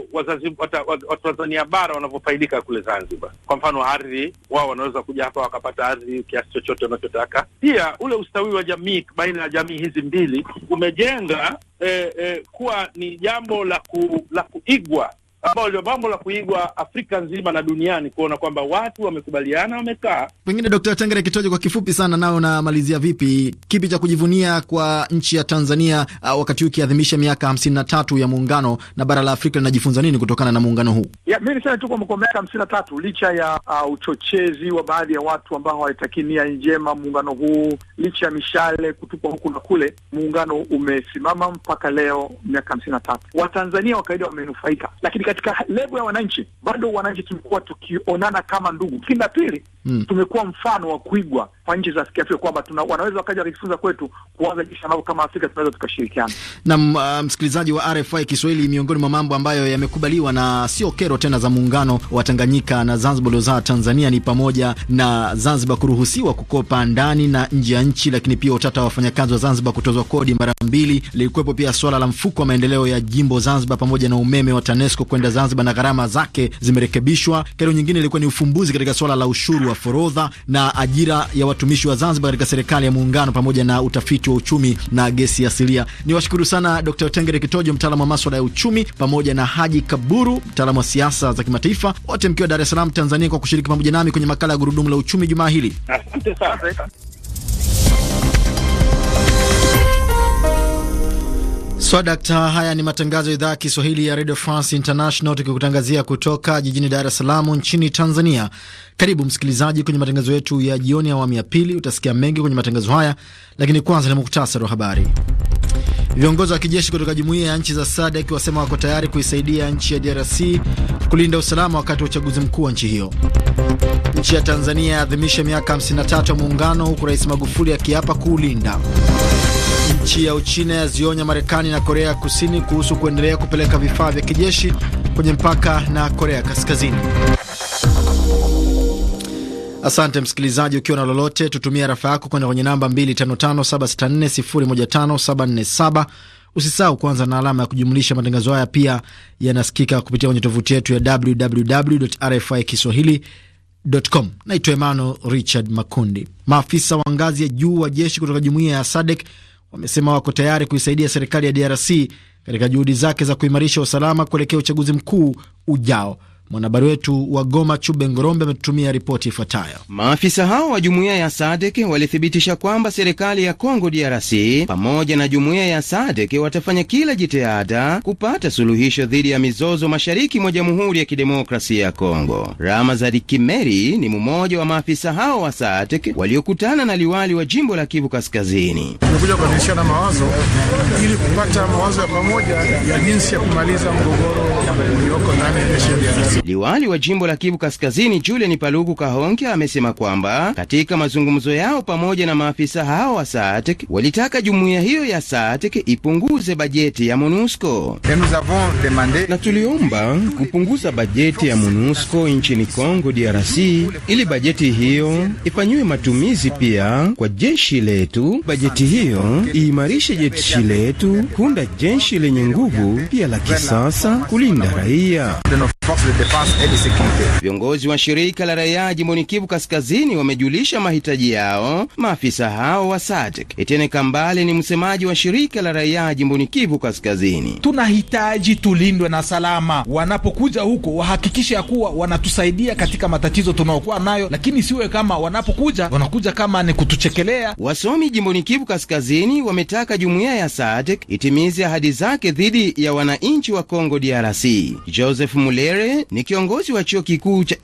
Watanzania bara wanavyofaidika kule Zanzibar. Kwa mfano, ardhi, wao wanaweza kuja hapa wakapata ardhi kiasi chochote wanachotaka. Pia ule ustawi wa jamii baina ya jamii hizi mbili umejenga eh, eh, kuwa ni jambo la, ku, la kuigwa ambao ndio mambo la kuigwa Afrika nzima na duniani kuona kwamba watu wamekubaliana, wamekaa. Pengine Dkt. Tengere Kitojo, kwa kifupi sana, nao unamalizia vipi, kipi cha kujivunia kwa nchi ya Tanzania uh, wakati huu ikiadhimisha miaka hamsini na tatu ya muungano na bara la Afrika linajifunza nini kutokana na muungano huu? Mi niseme tu kwamba kwa miaka hamsini na tatu licha ya uh, uchochezi wa baadhi ya watu ambao hawaitakii nia njema muungano huu, licha ya mishale kutupwa huku na kule, muungano umesimama mpaka leo miaka hamsini na tatu. Watanzania wa kawaida wamenufaika, lakini katika lebo ya wananchi, bado wananchi tumekuwa tukionana kama ndugu. Lakini la pili, mm. tumekuwa mfano wa kuigwa kwa nchi za Afrika kwamba wanaweza wakaja wakijifunza kwetu kuanza jinsi ambavyo kama Afrika tunaweza tukashirikiana. Na uh, msikilizaji wa RFI Kiswahili, miongoni mwa mambo ambayo yamekubaliwa na sio kero tena za muungano wa Tanganyika na Zanzibar uliozaa Tanzania ni pamoja na Zanzibar kuruhusiwa kukopa ndani na nje ya nchi, lakini pia utata wa wafanyakazi wa Zanzibar kutozwa kodi mara mbili. Lilikuwepo pia swala la mfuko wa maendeleo ya jimbo Zanzibar pamoja na umeme wa TANESCO kwenda Zanzibar na gharama zake zimerekebishwa. Kero nyingine ilikuwa ni ufumbuzi katika swala la ushuru wa wa forodha na ajira ya watumishi wa Zanzibar katika serikali ya muungano pamoja na utafiti wa uchumi na gesi asilia. niwashukuru sana Dr. Tengere Kitojo, mtaalamu wa maswala ya uchumi, pamoja na Haji Kaburu, mtaalamu wa siasa za kimataifa, wote mkiwa Dar es Salaam, Tanzania, kwa kushiriki pamoja nami kwenye makala ya gurudumu la uchumi jumaa hili. Asante sana. So, dakta, haya ni matangazo ya idhaa ya Kiswahili ya Radio France International, tukikutangazia kutoka jijini Dar es Salaam nchini Tanzania. Karibu msikilizaji kwenye matangazo yetu ya jioni, ya awamu ya pili. Utasikia mengi kwenye matangazo haya, lakini kwanza ni muktasari wa habari. Viongozi wa kijeshi kutoka jumuiya ya nchi za SADC wasema wako tayari kuisaidia nchi ya DRC kulinda usalama wakati wa uchaguzi mkuu wa nchi hiyo. Nchi ya Tanzania yaadhimisha miaka 53 ya muungano huku Rais Magufuli akiapa kuulinda. Nchi ya Uchina yazionya Marekani na Korea ya Kusini kuhusu kuendelea kupeleka vifaa vya kijeshi kwenye mpaka na Korea Kaskazini. Asante msikilizaji, ukiwa na lolote, tutumia rafa yako kwenda kwenye namba 255764015747. Usisahau kuanza na alama ya kujumlisha. Matangazo haya pia yanasikika kupitia kwenye tovuti yetu ya www RFI com Naitwa Emmanuel Richard Makundi. Maafisa wa ngazi ya juu wa jeshi kutoka jumuiya ya SADEK wamesema wako tayari kuisaidia serikali ya DRC katika juhudi zake za kuimarisha usalama kuelekea uchaguzi mkuu ujao. Mwanahabari wetu wa Goma, Chube Ngorombe, ametutumia ripoti ifuatayo. Maafisa hao wa jumuiya ya SADEK walithibitisha kwamba serikali ya congo DRC pamoja na jumuiya ya SADEK watafanya kila jitihada kupata suluhisho dhidi ya mizozo mashariki mwa Jamhuri ya Kidemokrasia ya Kongo. Ramazari Kimeri ni mmoja wa maafisa hao wa SADEK waliokutana na liwali wa jimbo la Kivu Kaskazini. Tumekuja kubadilishana mawazo ili kupata mawazo ya pamoja ya jinsi ya kumaliza mgogoro ulioko ndani ya jeshi ya DRC. Liwali wa jimbo la Kivu Kaskazini Julian Paluku Kahonke amesema kwamba katika mazungumzo yao pamoja na maafisa hao wa SAATEK walitaka jumuiya hiyo ya SAATEK ipunguze bajeti ya MONUSCO na tuliomba kupunguza bajeti ya MONUSCO nchini Kongo DRC ili bajeti hiyo ifanyiwe matumizi pia kwa jeshi letu. Bajeti hiyo iimarishe jeshi letu, kunda jeshi lenye nguvu pia la kisasa, kulinda raia. E Viongozi wa shirika la raia jimboni Kivu Kaskazini wamejulisha mahitaji yao maafisa hao wa SADC. Etienne Kambale ni msemaji wa shirika la raia jimboni Kivu Kaskazini. Tunahitaji tulindwe na salama, wanapokuja huko wahakikishe ya kuwa wanatusaidia katika matatizo tunaokuwa nayo, lakini siwe kama wanapokuja wanakuja kama ni kutuchekelea. Wasomi jimboni Kivu Kaskazini wametaka jumuiya ya SADC itimize ahadi zake dhidi ya wananchi wa Kongo DRC. Joseph Muler Nyerere ni kiongozi wa chuo kikuu cha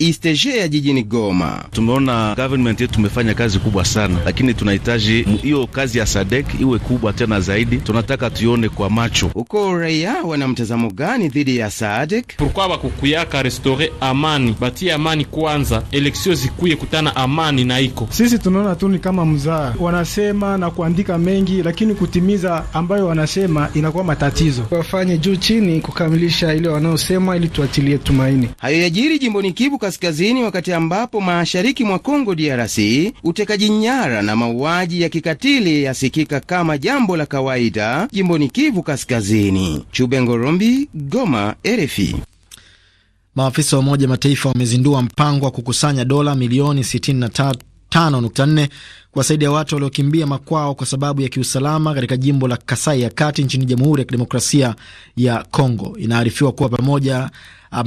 ya jijini Goma. Tumeona government yetu tumefanya kazi kubwa sana, lakini tunahitaji hiyo kazi ya Sadek iwe kubwa tena zaidi. Tunataka tuione kwa macho uko raia wana mtazamo gani dhidi ya Sadek. Pourquoi bakukuyaka restore amani, batie amani kwanza, eleksio zikuye kutana amani na iko sisi tunaona tu ni kama mzaa wanasema na kuandika mengi, lakini kutimiza ambayo wanasema inakuwa matatizo. Wafanye juu chini kukamilisha ile wanaosema ili tuatilie tumaini. Hayo yajiri jimboni Kivu Kaskazini, wakati ambapo mashariki mwa Kongo DRC utekaji nyara na mauaji ya kikatili yasikika kama jambo la kawaida jimboni Kivu Kaskazini. Chubengorombi, Goma, RFI. Maafisa wa Umoja Mataifa wamezindua mpango wa kukusanya dola milioni 65.4 kuwasaidia watu waliokimbia makwao kwa sababu ya kiusalama katika jimbo la Kasai ya Kati nchini Jamhuri ya Kidemokrasia ya Kongo. Inaarifiwa kuwa pamoja Ah,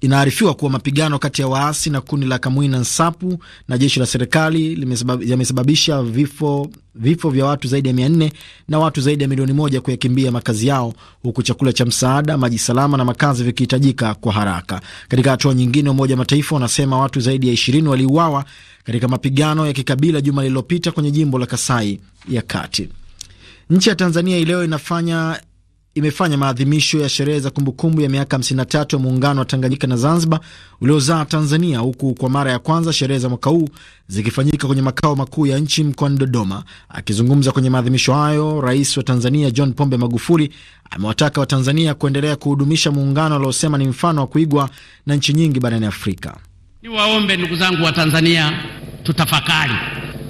inaarifiwa kuwa mapigano kati ya waasi na kundi la Kamwina Nsapu na jeshi la serikali yamesababisha vifo, vifo vya watu zaidi ya mia nne na watu zaidi ya milioni moja kuyakimbia makazi yao huku chakula cha msaada, maji salama na makazi vikihitajika kwa haraka. Katika hatua nyingine, Umoja wa Mataifa unasema watu zaidi ya ishirini waliuawa katika mapigano ya kikabila juma lililopita kwenye jimbo la Kasai ya Kati. Nchi ya Tanzania ileo inafanya imefanya maadhimisho ya sherehe za kumbukumbu ya miaka 53 ya muungano wa Tanganyika na Zanzibar uliozaa Tanzania, huku kwa mara ya kwanza sherehe za mwaka huu zikifanyika kwenye makao makuu ya nchi mkoani Dodoma. Akizungumza kwenye maadhimisho hayo, rais wa Tanzania John Pombe Magufuli amewataka Watanzania kuendelea kuhudumisha muungano aliosema ni mfano wa kuigwa na nchi nyingi barani Afrika. Niwaombe ndugu zangu wa Tanzania, tutafakari,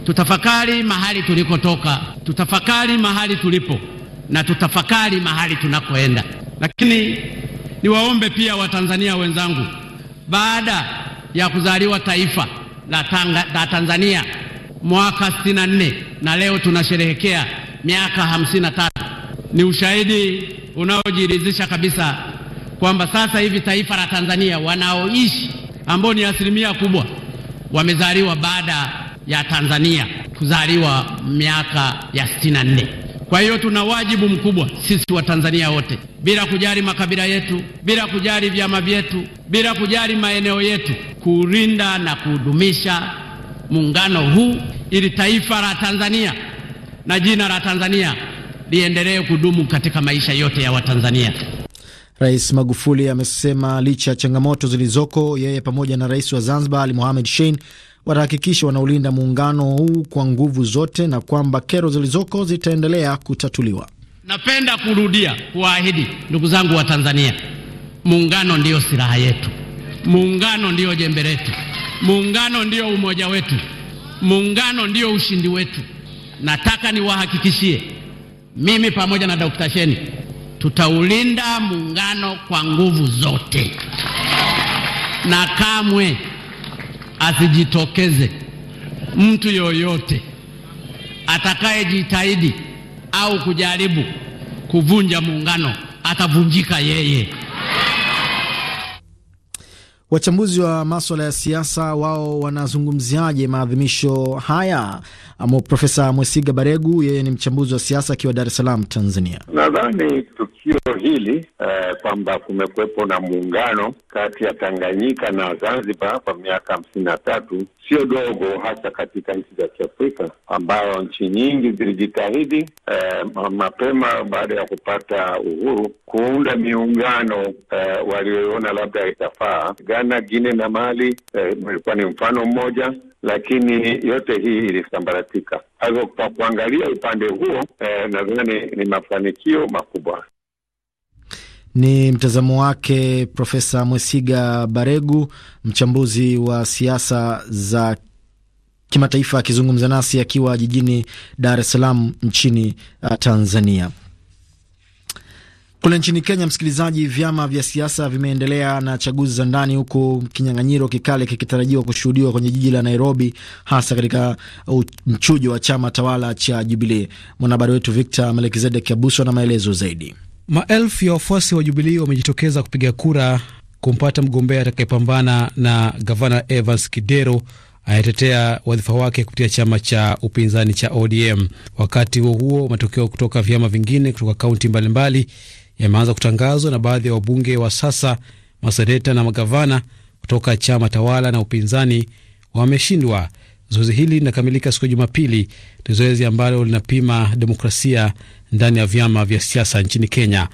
tutafakari mahali tulikotoka, tutafakari mahali tulipo na tutafakari mahali tunakoenda. Lakini niwaombe pia Watanzania wenzangu, baada ya kuzaliwa taifa la, tanga, la Tanzania mwaka 64 na leo tunasherehekea miaka 53 ni ushahidi unaojiridhisha kabisa kwamba sasa hivi taifa la Tanzania wanaoishi ambao ni asilimia kubwa wamezaliwa baada ya Tanzania kuzaliwa miaka ya 64. Kwa hiyo tuna wajibu mkubwa sisi Watanzania wote, bila kujali makabila yetu, bila kujali vyama vyetu, bila kujali maeneo yetu, kuulinda na kudumisha muungano huu ili taifa la Tanzania na jina la Tanzania liendelee kudumu katika maisha yote ya Watanzania. Rais Magufuli amesema licha ya changamoto zilizoko, yeye pamoja na rais wa Zanzibar Ali Mohamed Shein watahakikisha wanaulinda muungano huu kwa nguvu zote na kwamba kero zilizoko zitaendelea kutatuliwa. Napenda kurudia kuwaahidi ndugu zangu wa Tanzania, muungano ndiyo silaha yetu, muungano ndiyo jembe letu, muungano ndiyo umoja wetu, muungano ndiyo ushindi wetu. Nataka niwahakikishie mimi pamoja na Dr. Sheni tutaulinda muungano kwa nguvu zote na kamwe asijitokeze mtu yoyote atakayejitahidi au kujaribu kuvunja muungano, atavunjika yeye. Wachambuzi wa maswala ya siasa wao wanazungumziaje maadhimisho haya? Amo, Profesa Mwesiga Baregu, yeye ni mchambuzi wa siasa akiwa Dar es Salaam, Tanzania. Nadhani tukio hili eh, kwamba kumekuwepo na muungano kati ya Tanganyika na Zanzibar kwa miaka hamsini na tatu sio dogo, hasa katika nchi za Kiafrika ambayo nchi nyingi zilijitahidi eh, mapema baada ya kupata uhuru kuunda miungano eh, walioona labda itafaa. Ghana, Guinea na Mali eh, ilikuwa ni mfano mmoja, lakini yote hii ilisambaratika katika. Kwa hivyo kwa kuangalia upande huo eh, nadhani ni mafanikio makubwa. Ni mtazamo wake Profesa Mwesiga Baregu, mchambuzi wa siasa za kimataifa akizungumza nasi akiwa jijini Dar es Salaam nchini uh, Tanzania. Kule nchini Kenya, msikilizaji, vyama vya siasa vimeendelea na chaguzi za ndani, huku kinyang'anyiro kikali kikitarajiwa kushuhudiwa kwenye jiji la Nairobi, hasa katika mchujo wa chama tawala cha Jubilee. Mwanahabari wetu Victor Melkizedek Abuso na maelezo zaidi. Maelfu ya wafuasi wa Jubilee wamejitokeza kupiga kura kumpata mgombea atakayepambana na gavana Evans Kidero anayetetea wadhifa wake kupitia chama cha upinzani cha ODM. Wakati huo huo, matokeo kutoka vyama vingine kutoka kaunti mbalimbali yameanza kutangazwa na baadhi ya wabunge wa sasa, maseneta na magavana kutoka chama tawala na upinzani wameshindwa. Zoezi hili linakamilika siku ya Jumapili. Ni zoezi ambalo linapima demokrasia ndani ya vyama vya siasa nchini Kenya.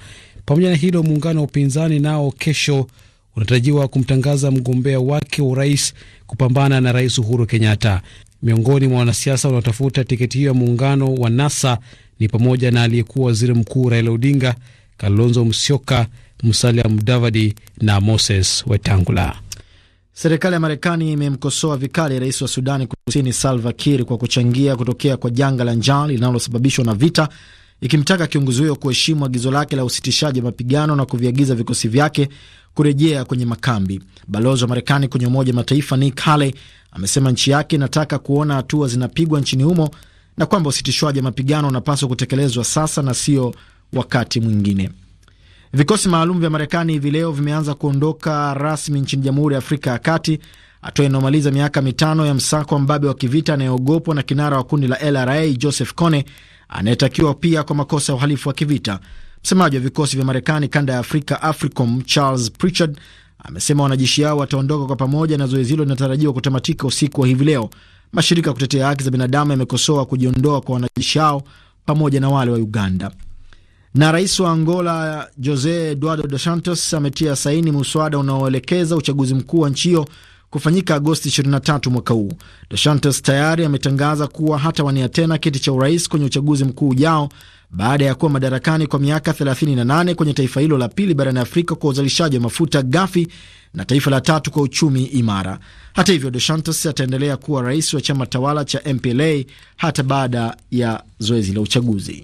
Pamoja na hilo, muungano wa upinzani nao kesho unatarajiwa kumtangaza mgombea wake wa urais kupambana na Rais Uhuru Kenyatta. Miongoni mwa wanasiasa wanaotafuta tiketi hiyo ya muungano wa NASA ni pamoja na aliyekuwa waziri mkuu Raila Odinga Kalonzo Musyoka, Musalia Mudavadi na Moses Wetangula. Serikali ya Marekani imemkosoa vikali rais wa Sudani Kusini Salva Kiir kwa kuchangia kutokea kwa janga la njaa linalosababishwa na vita, ikimtaka kiongozi huyo kuheshimu agizo lake la usitishaji wa mapigano na kuviagiza vikosi vyake kurejea kwenye makambi. Balozi wa Marekani kwenye Umoja Mataifa Nick Haley amesema nchi yake inataka kuona hatua zinapigwa nchini humo na kwamba usitishwaji wa mapigano unapaswa kutekelezwa sasa na sio wakati mwingine. Vikosi maalum vya Marekani hivi leo vimeanza kuondoka rasmi nchini Jamhuri ya Afrika ya Kati, hatua inayomaliza miaka mitano ya msako wa mbabe wa kivita anayeogopwa na kinara wa kundi la LRA Joseph Kone anayetakiwa pia kwa makosa ya uhalifu wa kivita. Msemaji wa vikosi vya Marekani kanda ya Afrika, AFRICOM, Charles Pritchard amesema wanajeshi hao wataondoka kwa pamoja na zoezi hilo linatarajiwa kutamatika usiku wa hivi leo. Mashirika ya kutetea haki za binadamu yamekosoa kujiondoa kwa wanajeshi hao pamoja na wale wa Uganda. Na rais wa Angola Jose Eduardo Dos Santos ametia saini muswada unaoelekeza uchaguzi mkuu wa nchi hiyo kufanyika Agosti 23 mwaka huu. Dos Santos tayari ametangaza kuwa wania tena kiti cha urais kwenye uchaguzi mkuu ujao baada ya kuwa madarakani kwa miaka 38 kwenye taifa hilo la pili barani Afrika kwa uzalishaji wa mafuta ghafi na taifa la tatu kwa uchumi imara. Hata hivyo, Dos Santos ataendelea kuwa rais wa chama tawala cha MPLA hata baada ya zoezi la uchaguzi.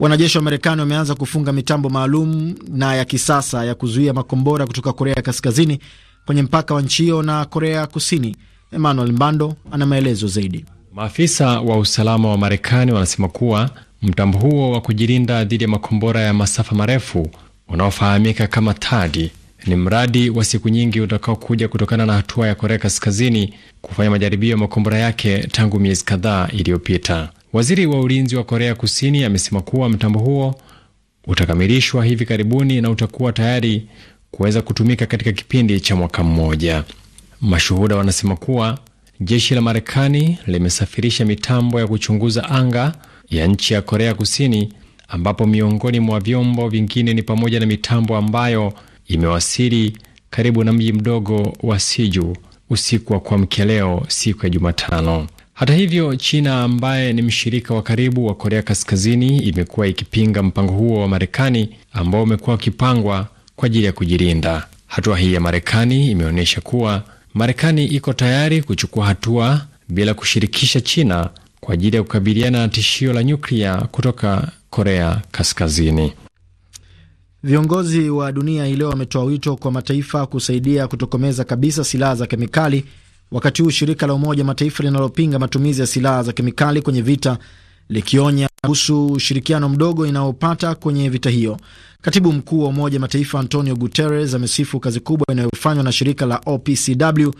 Wanajeshi wa Marekani wameanza kufunga mitambo maalum na ya kisasa ya kuzuia makombora kutoka Korea ya Kaskazini kwenye mpaka wa nchi hiyo na Korea Kusini. Emmanuel Mbando ana maelezo zaidi. Maafisa wa usalama wa Marekani wanasema kuwa mtambo huo wa kujilinda dhidi ya makombora ya masafa marefu unaofahamika kama TADI ni mradi wa siku nyingi utakaokuja kutokana na hatua ya Korea Kaskazini kufanya majaribio ya makombora yake tangu miezi kadhaa iliyopita. Waziri wa ulinzi wa Korea Kusini amesema kuwa mtambo huo utakamilishwa hivi karibuni na utakuwa tayari kuweza kutumika katika kipindi cha mwaka mmoja. Mashuhuda wanasema kuwa jeshi la Marekani limesafirisha mitambo ya kuchunguza anga ya nchi ya Korea Kusini, ambapo miongoni mwa vyombo vingine ni pamoja na mitambo ambayo imewasili karibu na mji mdogo wa Siju usiku wa kuamkia leo, siku ya Jumatano. Hata hivyo, China ambaye ni mshirika wa karibu wa Korea Kaskazini imekuwa ikipinga mpango huo wa Marekani ambao umekuwa ukipangwa kwa ajili ya kujilinda. Hatua hii ya Marekani imeonyesha kuwa Marekani iko tayari kuchukua hatua bila kushirikisha China kwa ajili ya kukabiliana na tishio la nyuklia kutoka Korea Kaskazini. Viongozi wa dunia hii leo wametoa wito kwa mataifa kusaidia kutokomeza kabisa silaha za kemikali wakati huu shirika la Umoja Mataifa linalopinga matumizi ya silaha za kemikali kwenye vita likionya kuhusu ushirikiano mdogo inayopata kwenye vita hiyo. Katibu mkuu wa Umoja Mataifa Antonio Guterres amesifu kazi kubwa inayofanywa na shirika la OPCW,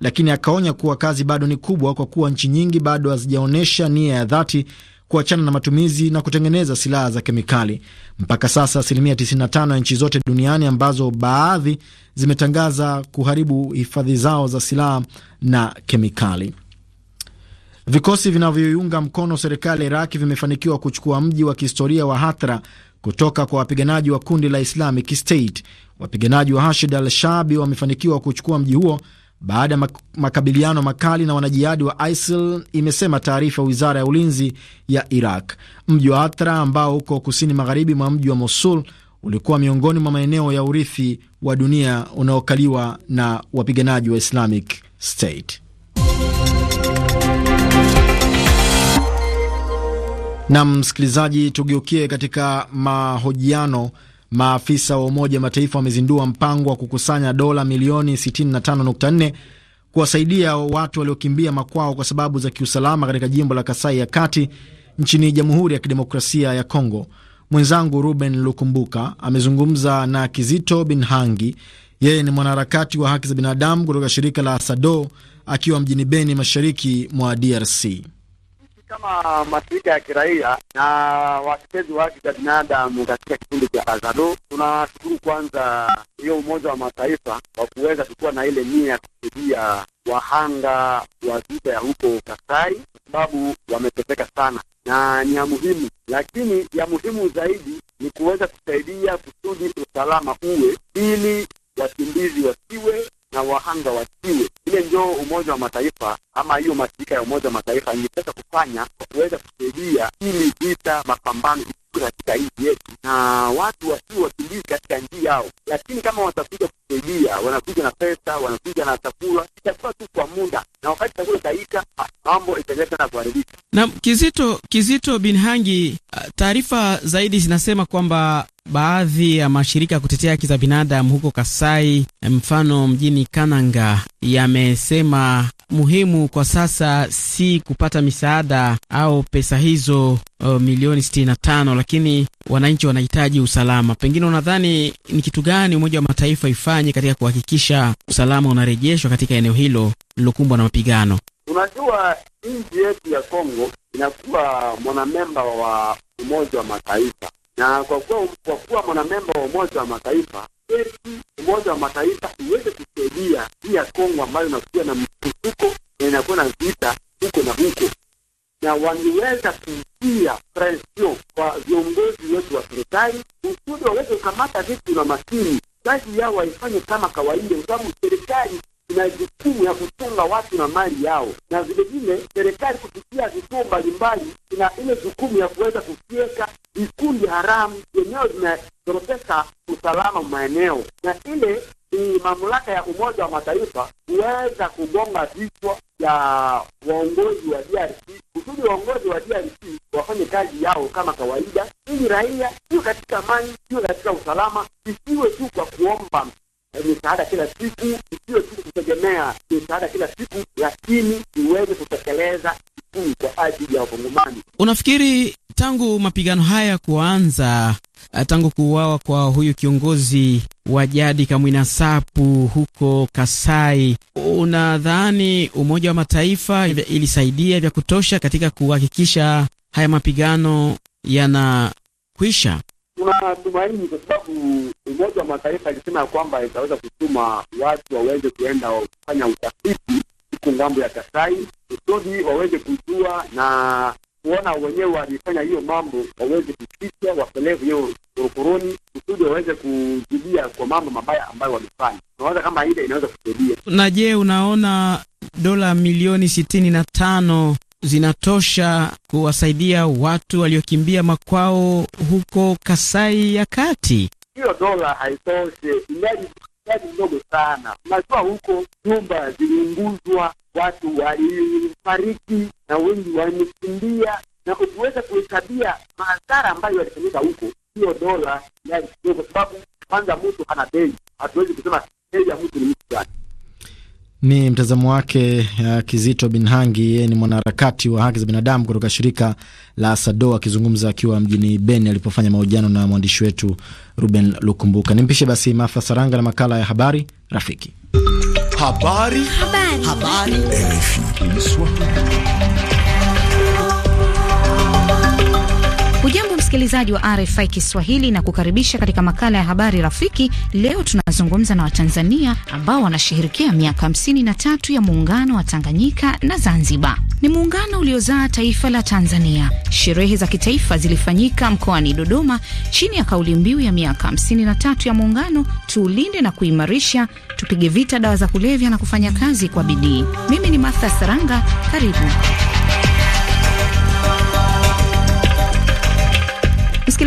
lakini akaonya kuwa kazi bado ni kubwa, kwa kuwa nchi nyingi bado hazijaonyesha nia ya dhati kuachana na matumizi na kutengeneza silaha za kemikali. Mpaka sasa asilimia 95 ya nchi zote duniani ambazo baadhi zimetangaza kuharibu hifadhi zao za silaha na kemikali. Vikosi vinavyoiunga mkono serikali ya Iraki vimefanikiwa kuchukua mji wa kihistoria wa Hatra kutoka kwa wapiganaji wa kundi la Islamic State. Wapiganaji wa Hashid al Shabi wamefanikiwa kuchukua mji huo baada ya makabiliano makali na wanajihadi wa ISIL, imesema taarifa ya wizara ya ulinzi ya Iraq. Mji wa Atra ambao uko kusini magharibi mwa mji wa Mosul ulikuwa miongoni mwa maeneo ya urithi wa dunia unaokaliwa na wapiganaji wa Islamic State. Nam msikilizaji, tugeukie katika mahojiano Maafisa wa Umoja wa Mataifa wamezindua mpango wa kukusanya dola milioni 65.4 kuwasaidia watu waliokimbia makwao kwa sababu za kiusalama katika jimbo la Kasai ya Kati nchini Jamhuri ya Kidemokrasia ya Kongo. Mwenzangu Ruben Lukumbuka amezungumza na Kizito Binhangi. Yeye ni mwanaharakati wa haki za binadamu kutoka shirika la Asado akiwa mjini Beni, mashariki mwa DRC kama mashirika ya kiraia na watetezi wa haki za binadamu katika kikundi cha azado tunashukuru kwanza hiyo Umoja wa Mataifa kwa kuweza kukuwa na ile nia ya kusaidia wahanga wa vita ya huko Kasai, kwa sababu wameteseka sana na ni ya muhimu, lakini ya muhimu zaidi ni kuweza kusaidia kusudi usalama uwe, ili wakimbizi wasiwe na wahanga wasiwe. Ile ndio Umoja wa Mataifa ama hiyo mashirika ya Umoja wa Mataifa ingeweza kufanya kwa kuweza kusaidia ili vita mapambano katika nchi yetu na watu wasiowakimbizi katika nchi yao, lakini kama watakuja kusaidia, wanakuja na pesa, wanakuja na chakula, itakuwa tu kwa muda, na wakati chakula itaisha, mambo itaendelea na kuharibika. Na Kizito Kizito bin Hangi, taarifa zaidi zinasema kwamba baadhi ya mashirika ya kutetea haki za binadamu huko Kasai, mfano mjini Kananga, yamesema muhimu kwa sasa si kupata misaada au pesa hizo o, milioni 65, lakini wananchi wanahitaji usalama. Pengine unadhani ni kitu gani Umoja wa Mataifa ifanye katika kuhakikisha usalama unarejeshwa katika eneo hilo lilokumbwa na mapigano? Unajua, nchi yetu ya Kongo inakuwa mwanamemba wa Umoja wa Mataifa na kwa kuwa, kwa kuwa mwanamemba wa Umoja wa Mataifa eti Umoja wa Mataifa iweze kusaidia hii ya Kongo ambayo inakuwa na msukuko na inakuwa na vita huko na huko, na wangeweza kutia presio kwa viongozi wetu wa serikali kusudi waweze kukamata vitu na makini, kazi yao waifanye kama kawaida, kwa sababu serikali ina jukumu ya kuchunga watu na mali yao, na vilevile serikali kupitia vituo mbalimbali ina ile jukumu ya kuweza kufyeka vikundi haramu vyenyewe vinazorotesha usalama maeneo, na ile ni mamlaka ya Umoja wa Mataifa kuweza kugonga vichwa vya waongozi wa DRC kusudi waongozi wa DRC wafanye kazi yao kama kawaida, ili raia hiyo katika amani hiyo katika usalama, isiwe tu kwa kuomba Eh, misaada kila siku, isiyo tu kutegemea misaada kila siku, lakini iweze kutekeleza kikuu kwa ajili ya Wakongomani. Unafikiri tangu mapigano haya kuanza, eh, tangu kuuawa kwa huyu kiongozi wa jadi Kamwina Sapu huko Kasai, unadhani Umoja wa Mataifa ilisaidia vya kutosha katika kuhakikisha haya mapigano yanakwisha? tunatumaini kwa sababu Umoja wa Mataifa ilisema ya kwamba itaweza kutuma watu waweze kuenda kufanya utafiti huku ngambo ya Kasai kusudi waweze kujua na kuona wenyewe walifanya hiyo mambo, waweze kuficha, wapelevu hiyo korokoroni kusudi waweze kujilia kwa mambo mabaya ambayo wamefanya. unaweza kama ile inaweza kusaidia. Na je, unaona dola milioni sitini na tano zinatosha kuwasaidia watu waliokimbia makwao huko Kasai ya Kati? Hiyo dola haitoshe, ingali ndogo sana. Unajua, huko nyumba ziliunguzwa, watu walifariki na wengi wamekimbia, na ukiweza kuhesabia madhara ambayo yalifanyika huko, hiyo dola ingali kidogo, kwa sababu kwanza mtu hana bei. Hatuwezi kusema bei ya mtu ni mtu gani. Ni mtazamo wake uh, Kizito Binhangi. Yeye ni mwanaharakati wa haki za binadamu kutoka shirika la SADO akizungumza akiwa mjini Beni alipofanya mahojiano na mwandishi wetu Ruben Lukumbuka. Nimpishe basi Mafa Saranga na makala ya habari rafiki. Habari. Habari. Habari. Habari. msikilizaji wa RFI Kiswahili na kukaribisha katika makala ya habari rafiki. Leo tunazungumza na Watanzania ambao wanashirikia miaka 53 ya muungano wa Tanganyika na Zanzibar. Ni muungano uliozaa taifa la Tanzania. Sherehe za kitaifa zilifanyika mkoani Dodoma chini ya kauli mbiu ya miaka 53 ya muungano, tuulinde na kuimarisha, tupige vita dawa za kulevya na kufanya kazi kwa bidii. Mimi ni Martha Saranga, karibu.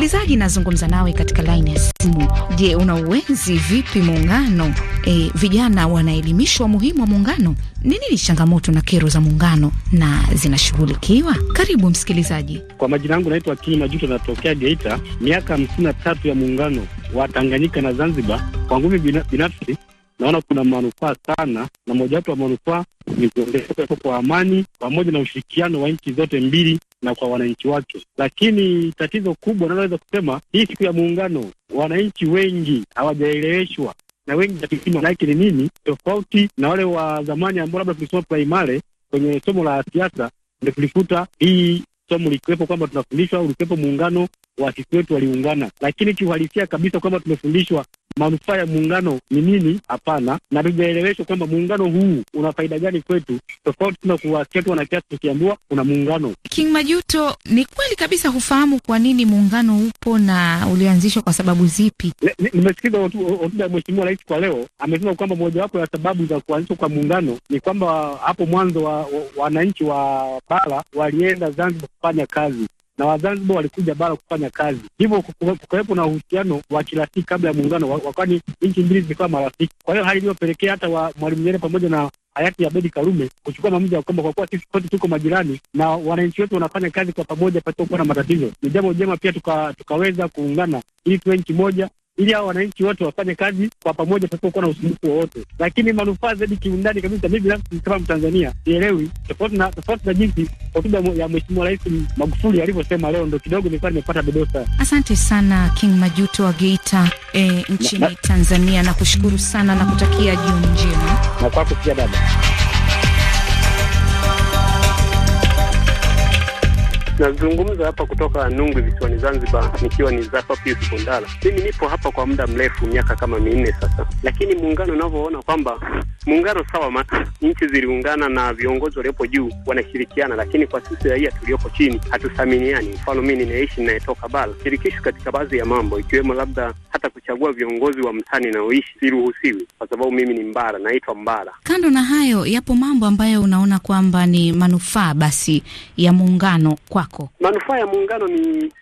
Msikilizaji, nazungumza nawe katika laini ya simu. Je, una uwenzi vipi muungano? E, vijana wanaelimishwa umuhimu wa muungano? Ni nini changamoto na kero za muungano na zinashughulikiwa? Karibu msikilizaji. Kwa majina yangu naitwa Kili Majuto, natokea Geita. Miaka hamsini na tatu ya muungano wa Tanganyika na Zanzibar. Kwa nguvu binafsi naona kuna manufaa sana, na mojawapo ya manufaa ni kuongezeka kwa amani pamoja na ushirikiano wa nchi zote mbili na kwa wananchi wake. Lakini tatizo kubwa unaloweza kusema, hii siku ya Muungano wananchi wengi hawajaeleweshwa na wengi hawajui maana yake ni nini, tofauti na wale wa zamani ambao labda tulisoma primary kwenye somo la siasa, ndio tulikuta hii somo likiwepo kwamba tunafundishwa ulikuwepo muungano waasisi wetu waliungana, lakini kiuhalisia kabisa kwamba tumefundishwa manufaa ya muungano ni nini? Hapana, na hatujaeleweshwa kwamba muungano huu una faida gani kwetu, tofauti tuna kuwasikia tu tukiambiwa kuna muungano. King Majuto, ni kweli kabisa hufahamu kwa nini muungano upo na ulianzishwa kwa sababu zipi? Nimesikiza hotuba ya Mheshimiwa Rais kwa leo, amesema kwamba mojawapo ya sababu za kuanzishwa kwa muungano ni kwamba hapo mwanzo wananchi wa, wa, wa bara walienda Zanzibar kufanya kazi na Wazanzibar walikuja bara kufanya kazi, hivyo kukawepo na uhusiano wa kirafiki kabla ya muungano, kwani nchi mbili zilikuwa marafiki. Kwa hiyo hali iliyopelekea hata wa Mwalimu Nyerere pamoja na hayati Abedi Karume kuchukua maamuzi ya kwamba kwa kuwa sisi kote tuko majirani na wananchi wetu wanafanya kazi kwa pamoja pasipokuwa na matatizo, ni jambo jema pia tuka, tukaweza kuungana ili tuwe nchi moja ili hao wananchi wote wafanye kazi kwa pamoja pasipokuwa na usumbufu wowote. Lakini manufaa zaidi kiundani kabisa, mimi binafsi kama Mtanzania sielewi, tofauti na tofauti na jinsi hotuba ya Mheshimiwa Rais Magufuli alivyosema leo, ndo kidogo nilikuwa nimepata dodosa Asante sana King Majuto wa Geita eh, nchini na, na, Tanzania, nakushukuru sana na kutakia jioni njema na kwako pia dada. Nazungumza hapa kutoka Nungwi visiwani Zanzibar, nikiwa ni Zafa Pius Bundala. Mimi nipo hapa kwa muda mrefu, miaka kama minne sasa, lakini muungano unavyoona kwamba muungano sawa ma, nchi ziliungana na viongozi waliopo juu wanashirikiana, lakini kwa sisi raia tulioko chini hatuthaminiani. Mfano, mi ninaishi ninayetoka bara shirikishwi katika baadhi ya mambo, ikiwemo labda hata kuchagua viongozi wa mtani naoishi siruhusiwi, kwa sababu mimi ni mbara, naitwa mbara. Kando na hayo, yapo mambo ambayo unaona kwamba ni manufaa basi ya muungano kwako? Manufaa ya muungano ni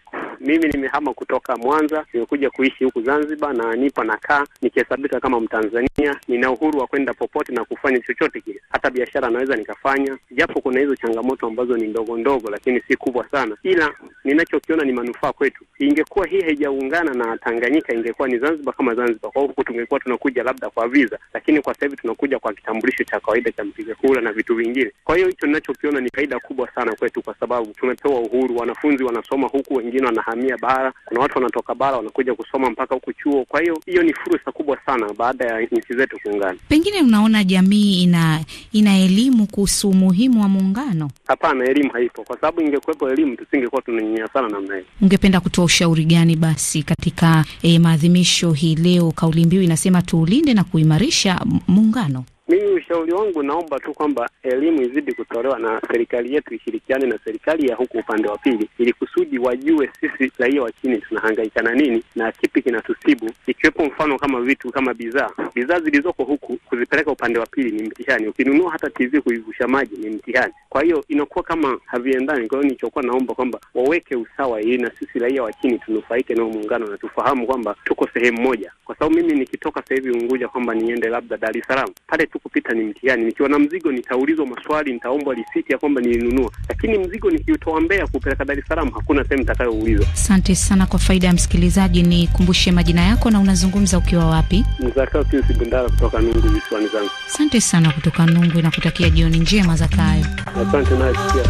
mimi nimehama kutoka Mwanza, nimekuja kuishi huku Zanzibar na nipa nakaa nikihesabika kama Mtanzania. Nina uhuru wa kwenda popote na kufanya chochote kile, hata biashara naweza nikafanya, japo kuna hizo changamoto ambazo ni ndogo ndogo, lakini si kubwa sana, ila ninachokiona ni manufaa kwetu. Ingekuwa hii haijaungana na Tanganyika, ingekuwa ni Zanzibar kama Zanzibar, kwa huku tungekuwa tunakuja labda kwa visa, lakini kwa sasa hivi tunakuja kwa kitambulisho cha kawaida cha mpiga kura na vitu vingine. Kwa hiyo hicho ninachokiona ni faida kubwa sana kwetu, kwa sababu tumepewa uhuru, wanafunzi wanasoma huku, wengine wana wanahamia bara, kuna watu wanatoka bara wanakuja kusoma mpaka huku chuo. Kwa hiyo hiyo ni fursa kubwa sana baada ya nchi zetu kuungana. Pengine unaona jamii ina ina elimu kuhusu umuhimu wa muungano? Hapana, elimu haipo, kwa sababu ingekuwepo elimu tusingekuwa tunanyanyasana namna hiyo. Ungependa kutoa ushauri gani basi katika eh, maadhimisho hii leo? Kauli mbiu inasema tuulinde na kuimarisha muungano. Mimi ushauri wangu naomba tu kwamba elimu izidi kutolewa na serikali yetu ishirikiane na serikali ya huku upande wa pili, ili kusudi wajue sisi raia wa chini tunahangaika na nini na kipi kinatusibu, ikiwepo mfano kama vitu kama bidhaa bidhaa zilizoko huku kuzipeleka upande wa pili ni mtihani. Ukinunua hata TV kuivusha maji ni mtihani, kwa hiyo inakuwa kama haviendani. Kwa hiyo nilichokuwa naomba kwamba waweke usawa, ili na sisi raia wa chini tunufaike nao muungano na tufahamu kwamba tuko sehemu moja, kwa sababu mimi nikitoka sasa hivi Unguja kwamba niende labda Dar es Salaam pale kupita ni mtihani. Nikiwa na mzigo nitaulizwa maswali, nitaombwa risiti ya kwamba nilinunua, lakini mzigo nikiutoa Mbeya kupeleka Dar es Salaam hakuna sehemu nitakayoulizwa. Asante sana. Kwa faida ya msikilizaji, nikumbushe majina yako na unazungumza ukiwa wapi? Mzakayo Pius Bundala kutoka Nungu visiwani Zanzibar. Asante sana kutoka nungu na kutakia jioni njema Zakayo. Asante naye pia.